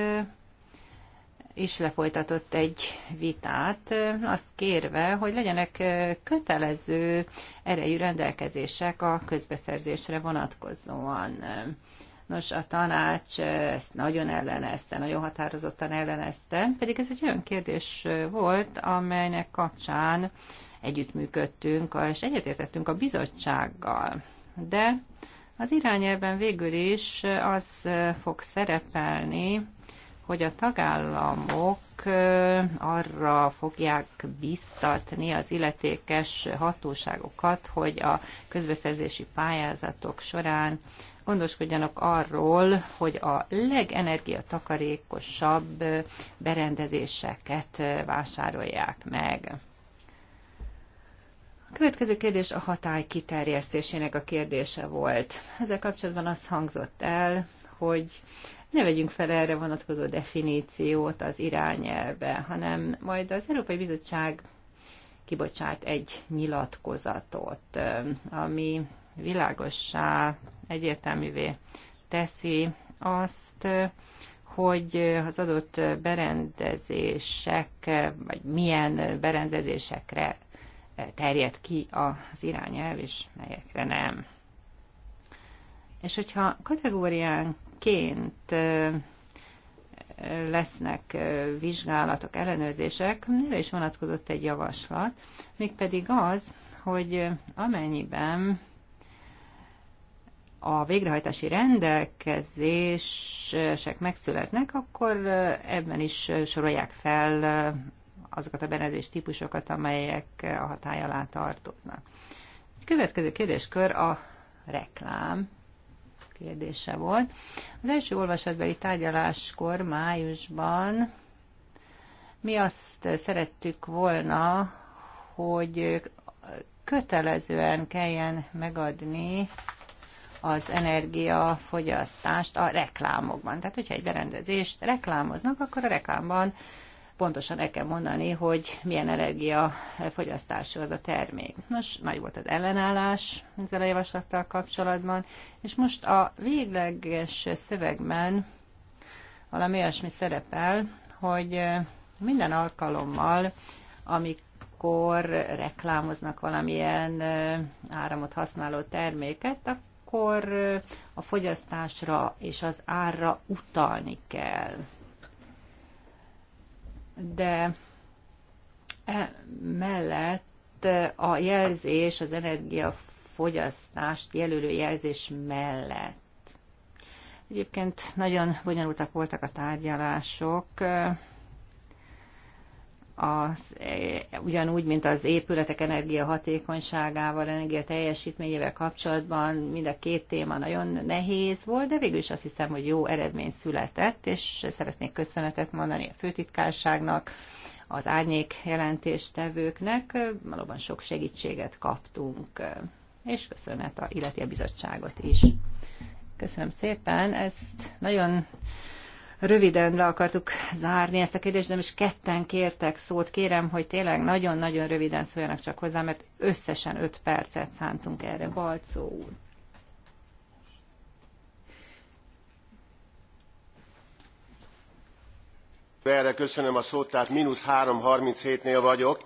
is lefolytatott egy vitát, azt kérve, hogy legyenek kötelező erejű rendelkezések a közbeszerzésre vonatkozóan. Nos, a tanács ezt nagyon ellenezte, nagyon határozottan ellenezte, pedig ez egy olyan kérdés volt, amelynek kapcsán együttműködtünk, és egyetértettünk a bizottsággal. De az irányelben végül is az fog szerepelni, hogy a tagállamok arra fogják biztatni az illetékes hatóságokat, hogy a közbeszerzési pályázatok során gondoskodjanak arról, hogy a legenergiatakarékosabb berendezéseket vásárolják meg. A következő kérdés a hatály kiterjesztésének a kérdése volt. Ezzel kapcsolatban azt hangzott el, hogy ne vegyünk fel erre vonatkozó definíciót az irányelve, hanem majd az Európai Bizottság kibocsát egy nyilatkozatot, ami világossá, egyértelművé teszi azt, hogy az adott berendezések, vagy milyen berendezésekre terjed ki az irányelv, és melyekre nem. És hogyha kategóriánként lesznek vizsgálatok, ellenőrzések, mire is vonatkozott egy javaslat, mégpedig az, hogy amennyiben a végrehajtási rendelkezések megszületnek, akkor ebben is sorolják fel azokat a berendezés típusokat, amelyek a hatály alá tartoznak. Egy következő kérdéskör a reklám kérdése volt. Az első olvasatbeli tárgyaláskor májusban mi azt szerettük volna, hogy kötelezően kelljen megadni az energiafogyasztást a reklámokban. Tehát, hogyha egy berendezést reklámoznak, akkor a reklámban pontosan el kell mondani, hogy milyen energiafogyasztású az a termék. Nos, nagy volt az ellenállás ezzel a javaslattal kapcsolatban, és most a végleges szövegben valami olyasmi szerepel, hogy minden alkalommal, amikor reklámoznak valamilyen áramot használó terméket, akkor a fogyasztásra és az árra utalni kell. De mellett a jelzés, az energiafogyasztást jelölő jelzés mellett. Egyébként nagyon bonyolultak voltak a tárgyalások az, e, ugyanúgy, mint az épületek energiahatékonyságával, energia teljesítményével kapcsolatban mind a két téma nagyon nehéz volt, de végül is azt hiszem, hogy jó eredmény született, és szeretnék köszönetet mondani a főtitkárságnak, az árnyék jelentéstevőknek, valóban sok segítséget kaptunk, és köszönet a illeti a bizottságot is. Köszönöm szépen, ezt nagyon Röviden le akartuk zárni ezt a kérdést, de most ketten kértek szót. Kérem, hogy tényleg nagyon-nagyon röviden szóljanak csak hozzá, mert összesen öt percet szántunk erre. Balcó úr. erre köszönöm a szót tehát mínusz 337 nél vagyok.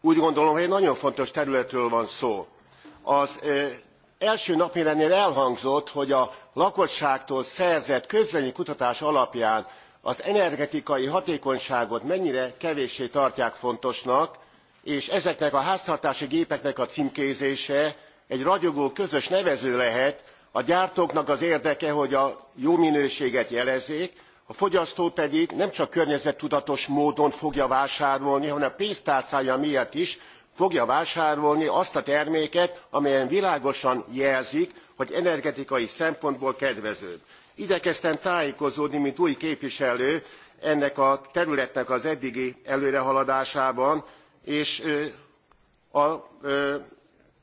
úgy gondolom hogy egy nagyon fontos területről van szó. az első napirenden elhangzott hogy a lakosságtól szerzett közvélemény kutatás alapján az energetikai hatékonyságot mennyire kevéssé tartják fontosnak és ezeknek a háztartási gépeknek a cmkézése egy ragyogó közös nevező lehet a gyártóknak az érdeke hogy a jó minőséget jelezzék a fogyasztó pedig nem csak környezettudatos módon fogja vásárolni hanem pénztárcája miatt is fogja vásárolni azt a terméket amelyen világosan jelzik hogy energetikai szempontból kedvezőbb. igyekeztem tájékozódni mint új képviselő ennek a területnek az eddigi előrehaladásában és az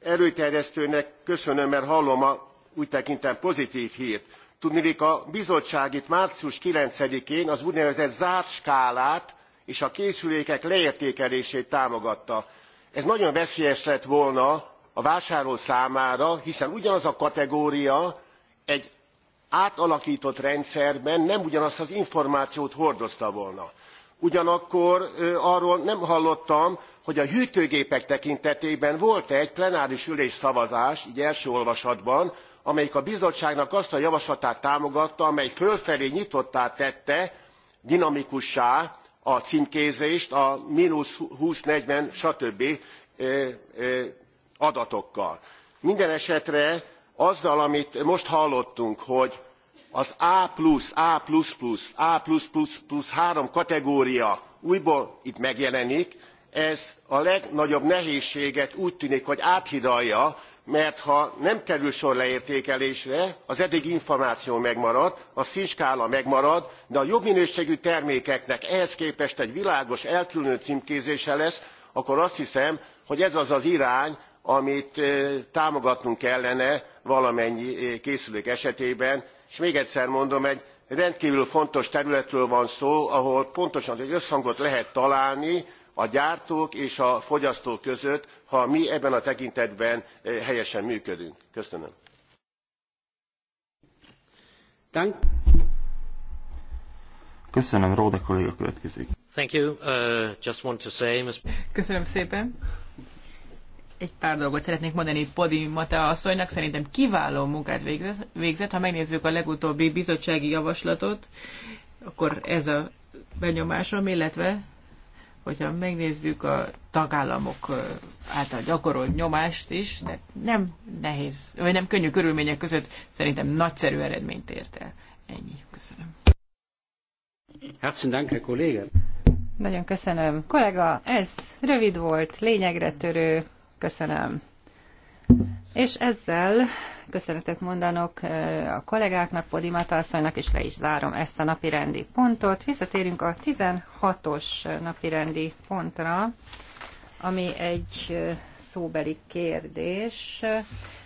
előterjesztőnek köszönöm mert hallom a úgy tekintem pozitv hrt. tudniillik a bizottság itt március nine én az úgynevezett zárt skálát és a készülékek leértékelését támogatta ez nagyon veszélyes lett volna a vásárló számára hiszen ugyanaz a kategória egy átalaktott rendszerben nem ugyanazt az információt hordozta volna. ugyanakkor arról nem hallottam hogy a hűtőgépek tekintetében volt e egy plenáris ülés szavazás gy első olvasatban amelyik a bizottságnak azt a javaslatát támogatta amely fölfelé nyitottá tette dinamikussá a cmkézést a mnusz húsz negyven stb. adatokkal. Minden esetre azzal, amit most hallottunk, hogy az A+, A++, A+++, három kategória újból itt megjelenik, ez a legnagyobb nehézséget úgy tűnik, hogy áthidalja, mert ha nem kerül sor leértékelésre az eddigi információ megmarad a sznskála megmarad de a jobb minőségű termékeknek ehhez képest egy világos elkülönülő cmkézése lesz akkor azt hiszem hogy ez az az irány amit támogatnunk kellene valamennyi készülék esetében és még egyszer mondom egy rendkvül fontos területről van szó ahol pontosan egy összhangot lehet találni a gyártók és a fogyasztók között ha mi ebben a tekintetben eh, helyesen működünk. köszönöm. Köszönöm, uh, Köszönöm szépen. Egy pár dolgot szeretnék mondani Podimata asszonynak. Szerintem kiváló munkát végzett. Ha megnézzük a legutóbbi bizottsági javaslatot, akkor ez a benyomásom, illetve hogyha megnézzük a tagállamok által gyakorolt nyomást is, de nem nehéz, vagy nem könnyű körülmények között szerintem nagyszerű eredményt ért el. Ennyi. Köszönöm. Herzlichen Dank, kollége. Nagyon köszönöm. Kollega, ez rövid volt, lényegre törő. Köszönöm. És ezzel köszönetet mondanok a kollégáknak, Podimata asszonynak, és le is zárom ezt a napirendi pontot. Visszatérünk a 16-os napirendi pontra, ami egy szóbeli kérdés.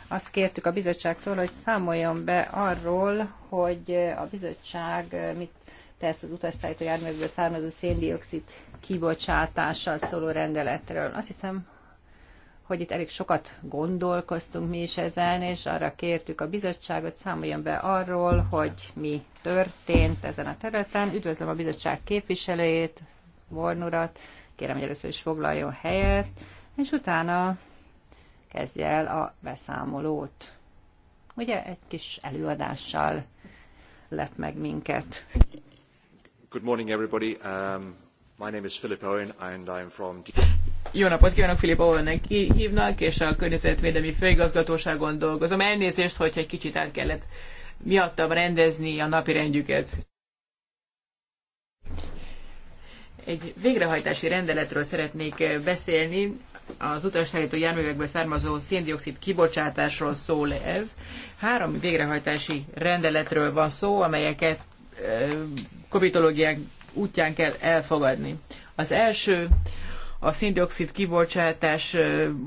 Azt kértük a bizottságtól, hogy számoljon be arról, hogy a bizottság mit tesz az utasszállító járművből származó széndiokszid kibocsátással szóló rendeletről. Azt hiszem, hogy itt elég sokat gondolkoztunk mi is ezen, és arra kértük a bizottságot, számoljon be arról, hogy mi történt ezen a területen. Üdvözlöm a bizottság képviselőjét, Vornurat, kérem, hogy először is foglaljon helyet, és utána kezdje el a beszámolót. Ugye egy kis előadással lett meg minket. Good morning everybody. Um, my name is Philip Owen and I'm from jó napot kívánok, Filip Olnek hívnak, és a Környezetvédelmi Főigazgatóságon dolgozom. Elnézést, hogyha egy kicsit át kellett miattam rendezni a napi rendjüket. Egy végrehajtási rendeletről szeretnék beszélni. Az utasszállító járművekből származó széndiokszid kibocsátásról szól ez. Három végrehajtási rendeletről van szó, amelyeket eh, komitológiák útján kell elfogadni. Az első a széndiokszid kibocsátás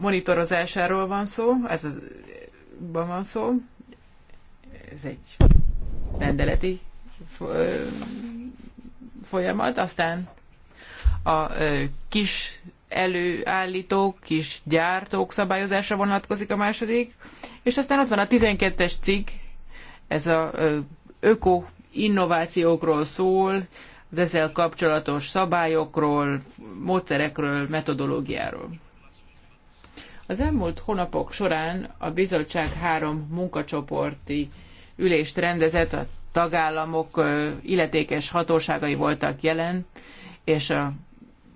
monitorozásáról van szó, ez az, van szó, ez egy rendeleti folyamat, aztán a kis előállítók, kis gyártók szabályozásra vonatkozik a második, és aztán ott van a 12-es cikk, ez a öko innovációkról szól, az ezzel kapcsolatos szabályokról, módszerekről, metodológiáról. Az elmúlt hónapok során a bizottság három munkacsoporti ülést rendezett, a tagállamok illetékes hatóságai voltak jelen, és a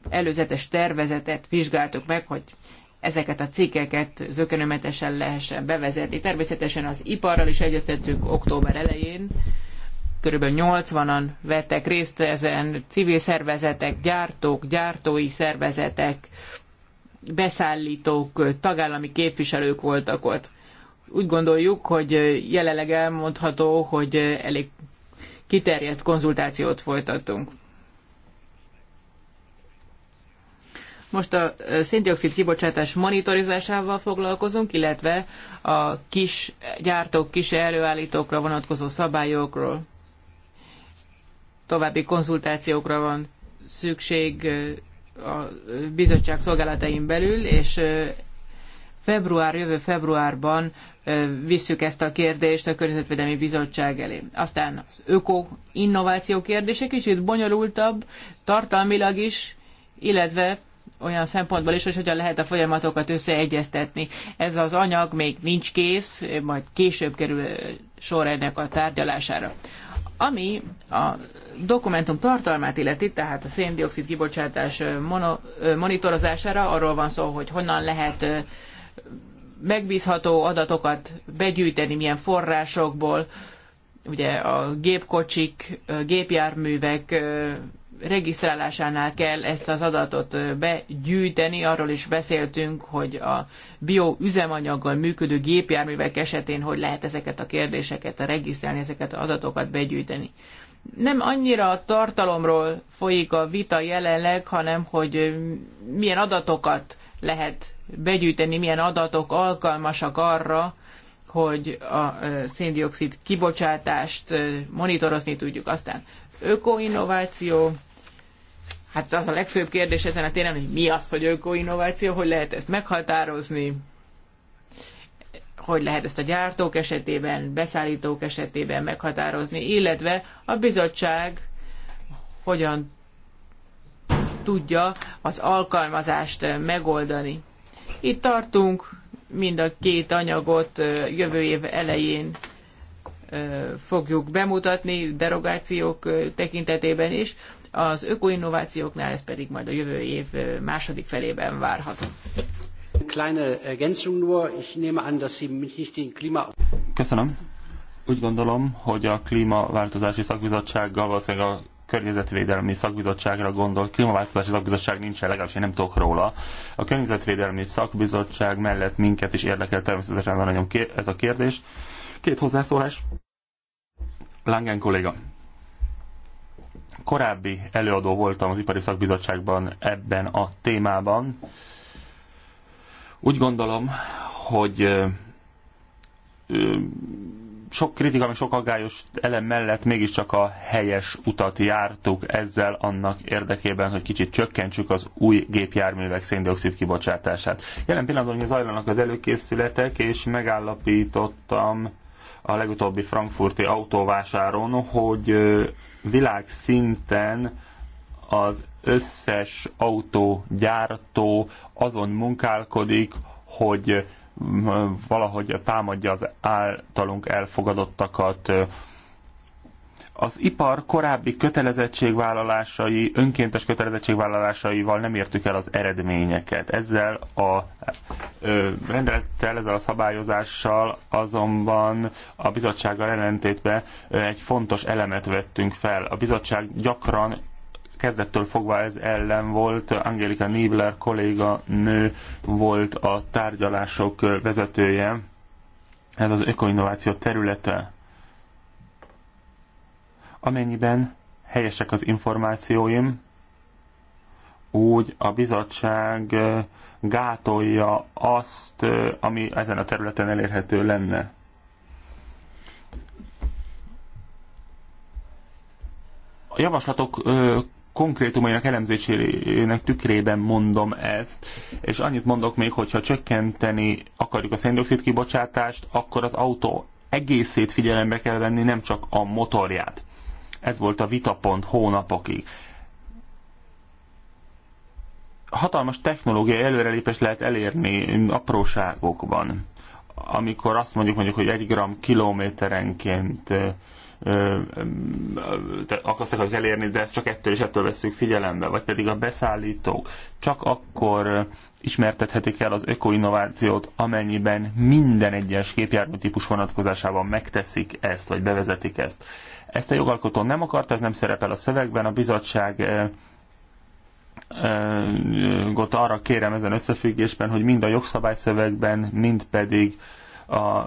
előzetes tervezetet vizsgáltuk meg, hogy ezeket a cikkeket zökenőmentesen lehessen bevezetni. Természetesen az iparral is egyeztettünk október elején, körülbelül 80-an vettek részt ezen civil szervezetek, gyártók, gyártói szervezetek, beszállítók, tagállami képviselők voltak ott. Úgy gondoljuk, hogy jelenleg elmondható, hogy elég kiterjedt konzultációt folytatunk. Most a széndiokszid kibocsátás monitorizásával foglalkozunk, illetve a kis gyártók, kis előállítókra vonatkozó szabályokról további konzultációkra van szükség a bizottság szolgálatain belül, és február, jövő februárban visszük ezt a kérdést a Környezetvédelmi Bizottság elé. Aztán az öko-innováció kérdése kicsit bonyolultabb, tartalmilag is, illetve olyan szempontból is, hogy hogyan lehet a folyamatokat összeegyeztetni. Ez az anyag még nincs kész, majd később kerül sor ennek a tárgyalására. Ami a dokumentum tartalmát illeti, tehát a széndiokszid kibocsátás mono, monitorozására, arról van szó, hogy honnan lehet megbízható adatokat begyűjteni, milyen forrásokból, ugye a gépkocsik, gépjárművek regisztrálásánál kell ezt az adatot begyűjteni. Arról is beszéltünk, hogy a bioüzemanyaggal működő gépjárművek esetén hogy lehet ezeket a kérdéseket regisztrálni, ezeket az adatokat begyűjteni. Nem annyira a tartalomról folyik a vita jelenleg, hanem hogy milyen adatokat lehet begyűjteni, milyen adatok alkalmasak arra, hogy a széndiokszid kibocsátást monitorozni tudjuk. Aztán ökoinnováció, Hát az a legfőbb kérdés ezen a téren, hogy mi az, hogy ökoinnováció, hogy lehet ezt meghatározni, hogy lehet ezt a gyártók esetében, beszállítók esetében meghatározni, illetve a bizottság hogyan tudja az alkalmazást megoldani. Itt tartunk, mind a két anyagot jövő év elején fogjuk bemutatni derogációk tekintetében is az ökoinnovációknál ez pedig majd a jövő év második felében várható. Klima... Köszönöm. Úgy gondolom, hogy a klímaváltozási szakbizottsággal valószínűleg a környezetvédelmi szakbizottságra gondol, klímaváltozási szakbizottság nincsen, legalábbis én nem tudok róla. A környezetvédelmi szakbizottság mellett minket is érdekel természetesen nagyon ez a kérdés. Két hozzászólás. Langen kolléga korábbi előadó voltam az Ipari Szakbizottságban ebben a témában. Úgy gondolom, hogy sok kritika, ami sok aggályos elem mellett mégiscsak a helyes utat jártuk ezzel annak érdekében, hogy kicsit csökkentsük az új gépjárművek széndiokszid kibocsátását. Jelen pillanatban zajlanak az előkészületek, és megállapítottam a legutóbbi frankfurti autóvásáron, hogy világszinten az összes autógyártó azon munkálkodik, hogy valahogy támadja az általunk elfogadottakat az ipar korábbi kötelezettségvállalásai, önkéntes kötelezettségvállalásaival nem értük el az eredményeket. Ezzel a ö, rendelettel, ezzel a szabályozással azonban a bizottsággal ellentétben egy fontos elemet vettünk fel. A bizottság gyakran kezdettől fogva ez ellen volt. Angelika Niebler kolléga nő volt a tárgyalások vezetője. Ez az ökoinnováció területe Amennyiben helyesek az információim, úgy a bizottság gátolja azt, ami ezen a területen elérhető lenne. A javaslatok konkrétumainak elemzésének tükrében mondom ezt, és annyit mondok még, hogyha csökkenteni akarjuk a széndiokszid kibocsátást, akkor az autó egészét figyelembe kell venni, nem csak a motorját. Ez volt a vitapont hónapokig. Hatalmas technológiai előrelépést lehet elérni apróságokban. Amikor azt mondjuk, mondjuk hogy egy gram kilométerenként azt akarjuk elérni, de ezt csak ettől és ettől veszük figyelembe, vagy pedig a beszállítók csak akkor ismertethetik el az ökoinnovációt, amennyiben minden egyes képjármű típus vonatkozásában megteszik ezt, vagy bevezetik ezt. Ezt a jogalkotó nem akart, ez nem szerepel a szövegben, a bizottság ott arra kérem ezen összefüggésben, hogy mind a jogszabályszövegben, mind pedig a,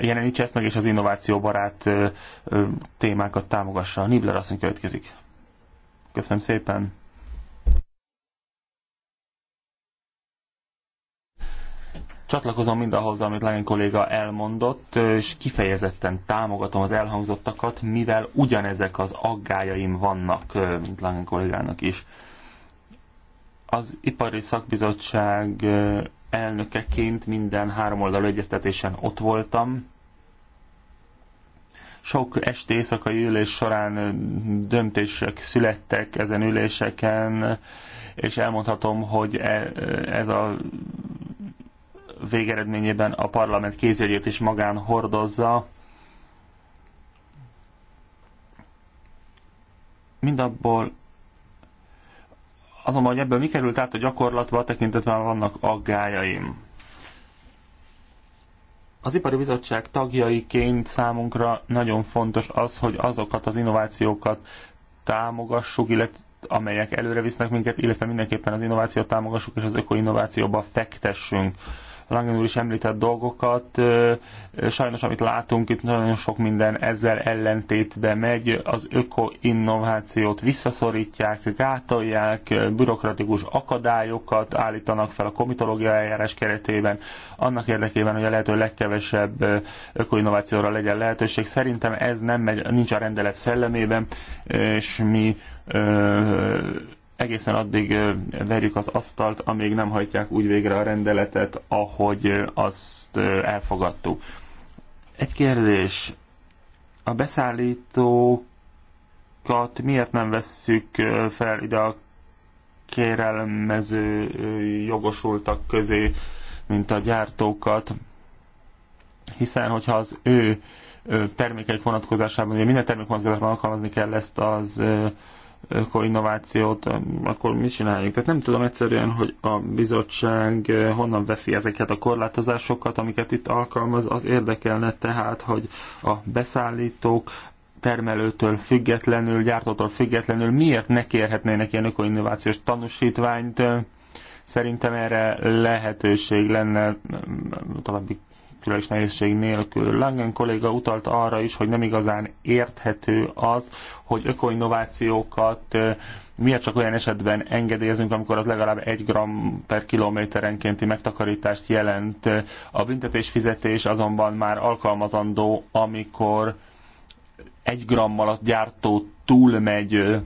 jelenítse ezt meg, és az innovációbarát témákat támogassa. Nibler asszony következik. Köszönöm szépen. Csatlakozom mindahhoz, amit Lenin kolléga elmondott, és kifejezetten támogatom az elhangzottakat, mivel ugyanezek az aggájaim vannak, mint Lenin kollégának is. Az Ipari Szakbizottság elnökeként minden háromoldalú egyeztetésen ott voltam, sok esti éjszakai ülés során döntések születtek ezen üléseken, és elmondhatom, hogy e, ez a végeredményében a parlament kézjegyét is magán hordozza. Mindabból azonban, hogy ebből mi került át a gyakorlatba, a tekintetben vannak aggájaim. Az Ipari Bizottság tagjaiként számunkra nagyon fontos az, hogy azokat az innovációkat támogassuk, illetve amelyek előre visznek minket, illetve mindenképpen az innovációt támogassuk és az ökoinnovációba fektessünk. Langen úr is említett dolgokat. Sajnos, amit látunk, itt nagyon sok minden ezzel ellentétbe megy. Az ökoinnovációt innovációt visszaszorítják, gátolják, bürokratikus akadályokat állítanak fel a komitológia eljárás keretében, annak érdekében, hogy a lehető legkevesebb ökoinnovációra innovációra legyen lehetőség. Szerintem ez nem megy, nincs a rendelet szellemében, és mi ö, egészen addig verjük az asztalt, amíg nem hajtják úgy végre a rendeletet, ahogy azt elfogadtuk. Egy kérdés. A beszállítókat miért nem vesszük fel ide a kérelmező jogosultak közé, mint a gyártókat? Hiszen, hogyha az ő termékek vonatkozásában, ugye minden termék vonatkozásában alkalmazni kell ezt az akkor innovációt, akkor mit csináljuk? Tehát nem tudom egyszerűen, hogy a bizottság honnan veszi ezeket a korlátozásokat, amiket itt alkalmaz. Az érdekelne tehát, hogy a beszállítók termelőtől függetlenül, gyártótól függetlenül miért ne kérhetnének ilyen innovációs tanúsítványt, Szerintem erre lehetőség lenne további különös nehézség nélkül. Langen kolléga utalt arra is, hogy nem igazán érthető az, hogy ökoinnovációkat miért csak olyan esetben engedélyezünk, amikor az legalább 1 gram per kilométerenkénti megtakarítást jelent. A büntetésfizetés azonban már alkalmazandó, amikor egy grammal a gyártó túlmegy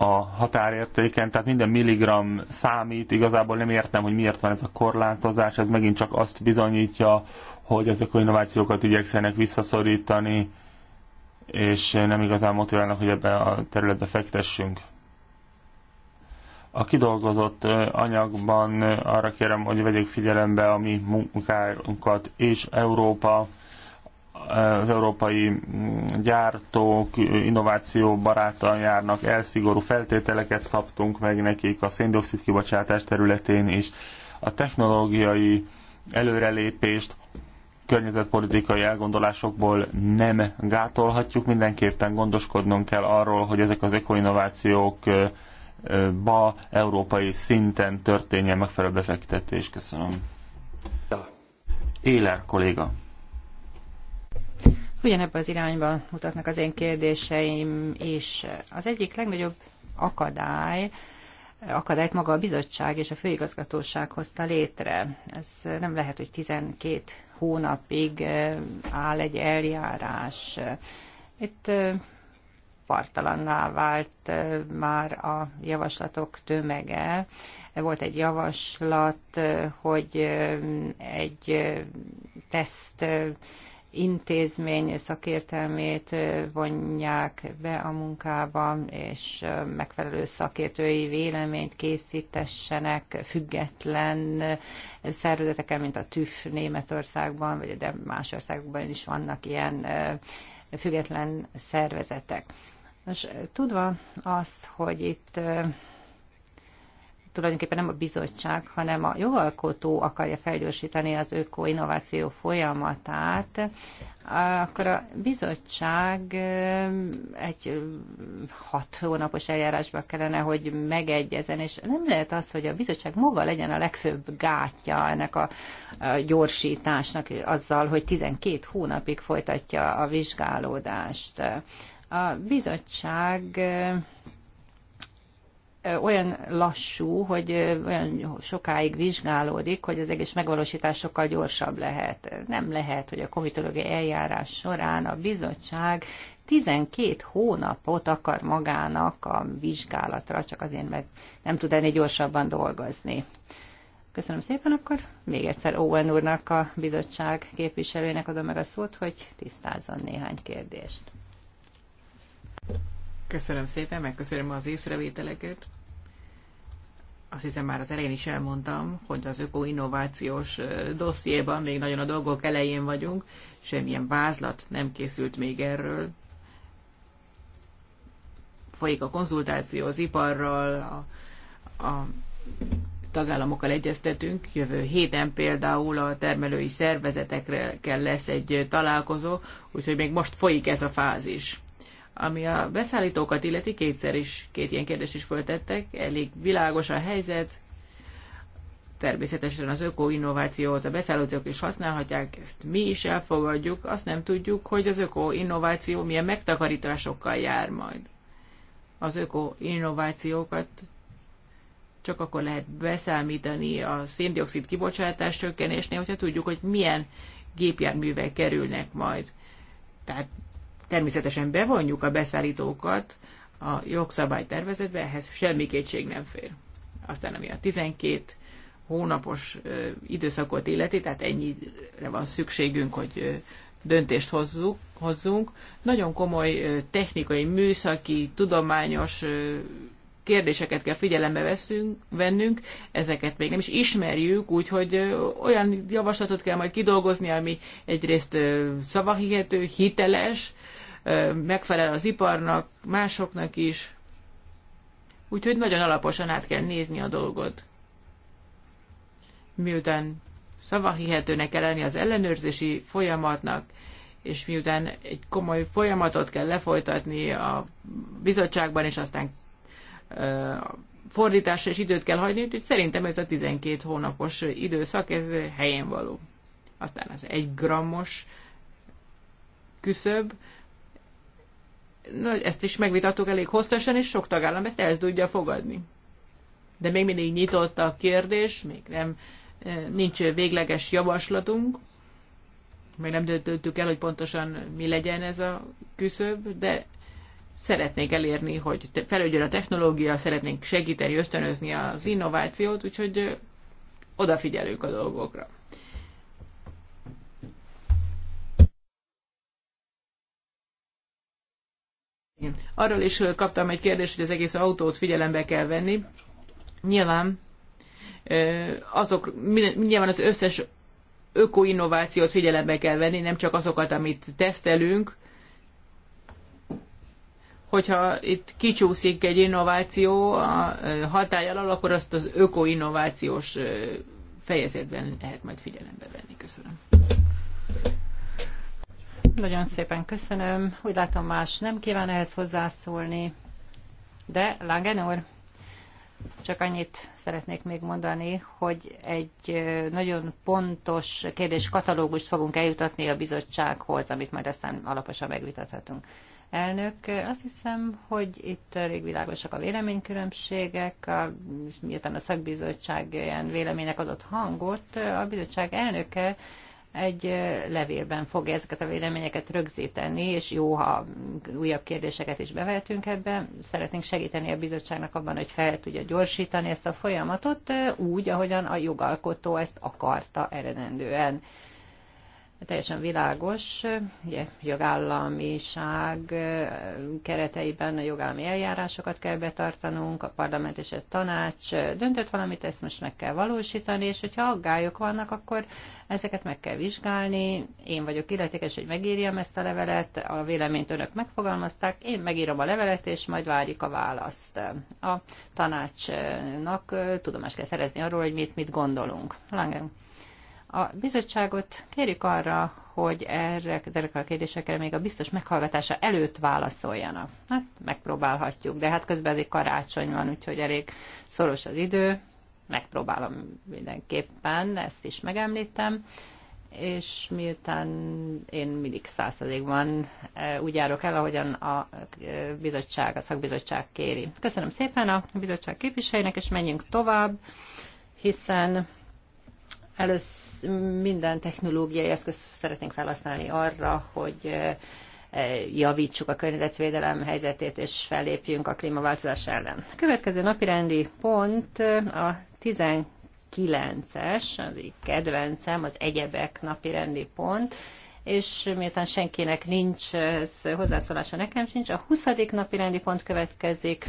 a határértéken, tehát minden milligram számít, igazából nem értem, hogy miért van ez a korlátozás, ez megint csak azt bizonyítja, hogy ezek a innovációkat igyekszenek visszaszorítani, és nem igazán motiválnak, hogy ebbe a területbe fektessünk. A kidolgozott anyagban arra kérem, hogy vegyék figyelembe a mi munkánkat és Európa az európai mm, gyártók innováció barátan járnak, elszigorú feltételeket szabtunk meg nekik a széndiokszid kibocsátás területén is. A technológiai előrelépést környezetpolitikai elgondolásokból nem gátolhatjuk, mindenképpen gondoskodnunk kell arról, hogy ezek az ekoinnovációk ba európai szinten történjen megfelelő befektetés. Köszönöm. Éler kolléga. Ugyanebb az irányban mutatnak az én kérdéseim is. Az egyik legnagyobb akadály, akadályt maga a bizottság és a főigazgatóság hozta létre. Ez nem lehet, hogy 12 hónapig eh, áll egy eljárás. Itt eh, partalanná vált eh, már a javaslatok tömege. Volt egy javaslat, hogy egy teszt intézmény szakértelmét vonják be a munkába, és megfelelő szakértői véleményt készítessenek független szervezeteken, mint a TÜV Németországban, vagy de más országokban is vannak ilyen független szervezetek. Most tudva azt, hogy itt tulajdonképpen nem a bizottság, hanem a jogalkotó akarja felgyorsítani az öko-innováció folyamatát, akkor a bizottság eh, egy eh, hat hónapos eljárásba kellene, hogy megegyezen, és nem lehet az, hogy a bizottság maga legyen a legfőbb gátja ennek a gyorsításnak azzal, hogy 12 hónapig folytatja a vizsgálódást. A bizottság eh, olyan lassú, hogy olyan sokáig vizsgálódik, hogy az egész megvalósítás sokkal gyorsabb lehet. Nem lehet, hogy a komitológiai eljárás során a bizottság 12 hónapot akar magának a vizsgálatra, csak azért, mert nem tud ennél gyorsabban dolgozni. Köszönöm szépen, akkor még egyszer Owen úrnak a bizottság képviselőjének adom meg a szót, hogy tisztázzon néhány kérdést. Köszönöm szépen, megköszönöm az észrevételeket azt hiszem már az elején is elmondtam, hogy az ökoinnovációs dossziéban még nagyon a dolgok elején vagyunk, semmilyen vázlat nem készült még erről. Folyik a konzultáció az iparral, a, a tagállamokkal egyeztetünk. Jövő héten például a termelői szervezetekre kell lesz egy találkozó, úgyhogy még most folyik ez a fázis. Ami a beszállítókat illeti, kétszer is, két ilyen kérdést is föltettek, elég világos a helyzet, természetesen az öko-innovációt a beszállítók is használhatják, ezt mi is elfogadjuk, azt nem tudjuk, hogy az öko-innováció milyen megtakarításokkal jár majd. Az öko-innovációkat csak akkor lehet beszámítani a széndiokszid kibocsátás csökkenésnél, hogyha tudjuk, hogy milyen gépjárművek kerülnek majd. Tehát Természetesen bevonjuk a beszállítókat a jogszabálytervezetbe, ehhez semmi kétség nem fér. Aztán ami a 12 hónapos időszakot illeti, tehát ennyire van szükségünk, hogy döntést hozzuk, hozzunk. Nagyon komoly technikai, műszaki, tudományos kérdéseket kell figyelembe veszünk, vennünk, ezeket még nem is ismerjük, úgyhogy olyan javaslatot kell majd kidolgozni, ami egyrészt szavahihető, hiteles, megfelel az iparnak, másoknak is. Úgyhogy nagyon alaposan át kell nézni a dolgot. Miután szavahihetőnek kell lenni az ellenőrzési folyamatnak, és miután egy komoly folyamatot kell lefolytatni a bizottságban, és aztán fordításra és időt kell hagyni, úgyhogy szerintem ez a 12 hónapos időszak, ez helyén való. Aztán az egy grammos küszöb, ezt is megvitattuk elég hosszasan, és sok tagállam ezt el tudja fogadni. De még mindig nyitott a kérdés, még nem, e, nincs végleges javaslatunk, még nem döntöttük el, hogy pontosan mi legyen ez a küszöb, de szeretnék elérni, hogy felügyön a technológia, szeretnénk segíteni, ösztönözni az innovációt, úgyhogy odafigyelünk a dolgokra. Arról is kaptam egy kérdést, hogy az egész autót figyelembe kell venni. Nyilván azok, nyilván az összes ökoinnovációt figyelembe kell venni, nem csak azokat, amit tesztelünk. Hogyha itt kicsúszik egy innováció a hatály akkor azt az ökoinnovációs fejezetben lehet majd figyelembe venni. Köszönöm. Nagyon szépen köszönöm. Úgy látom, más nem kíván ehhez hozzászólni. De, Langen úr, csak annyit szeretnék még mondani, hogy egy nagyon pontos katalógust fogunk eljutatni a bizottsághoz, amit majd aztán alaposan megvitathatunk. Elnök, azt hiszem, hogy itt elég világosak a véleménykülönbségek, a, miután a szakbizottság ilyen vélemények adott hangot, a bizottság elnöke egy levélben fogja ezeket a véleményeket rögzíteni, és jó, ha újabb kérdéseket is bevetünk ebbe. Szeretnénk segíteni a bizottságnak abban, hogy fel tudja gyorsítani ezt a folyamatot úgy, ahogyan a jogalkotó ezt akarta eredendően teljesen világos, ugye jogállamiság kereteiben a jogállami eljárásokat kell betartanunk, a parlament és a tanács döntött valamit, ezt most meg kell valósítani, és hogyha aggályok vannak, akkor ezeket meg kell vizsgálni. Én vagyok illetékes, hogy megírjam ezt a levelet, a véleményt önök megfogalmazták, én megírom a levelet, és majd várjuk a választ. A tanácsnak tudomást kell szerezni arról, hogy mit, mit gondolunk. Langen. A bizottságot kérjük arra, hogy erre, ezekre a kérdésekre még a biztos meghallgatása előtt válaszoljanak. Hát megpróbálhatjuk, de hát közben azért karácsony van, úgyhogy elég szoros az idő. Megpróbálom mindenképpen, ezt is megemlítem és miután én mindig százalékban e, úgy járok el, ahogyan a e, bizottság, a szakbizottság kéri. Köszönöm szépen a bizottság képviselőinek, és menjünk tovább, hiszen először minden technológiai eszközt szeretnénk felhasználni arra, hogy javítsuk a környezetvédelem helyzetét, és fellépjünk a klímaváltozás ellen. A következő napirendi pont a 19-es, az kedvencem, az egyebek napirendi pont, és miután senkinek nincs hozzászólása, nekem sincs, a 20. napirendi pont következik,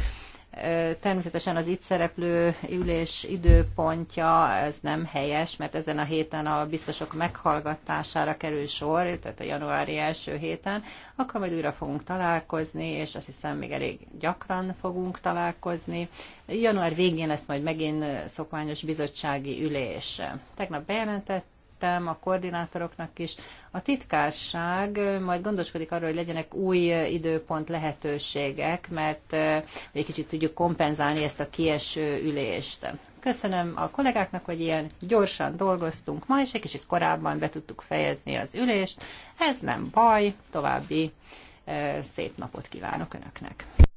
Természetesen az itt szereplő ülés időpontja ez nem helyes, mert ezen a héten a biztosok meghallgatására kerül sor, tehát a januári első héten, akkor majd újra fogunk találkozni, és azt hiszem még elég gyakran fogunk találkozni. Január végén lesz majd megint szokványos bizottsági ülés. Tegnap bejelentett ígértem a koordinátoroknak is. A titkárság majd gondoskodik arról, hogy legyenek új időpont lehetőségek, mert eh, egy kicsit tudjuk kompenzálni ezt a kieső ülést. Köszönöm a kollégáknak, hogy ilyen gyorsan dolgoztunk ma, és egy kicsit korábban be tudtuk fejezni az ülést. Ez nem baj, további eh, szép napot kívánok Önöknek!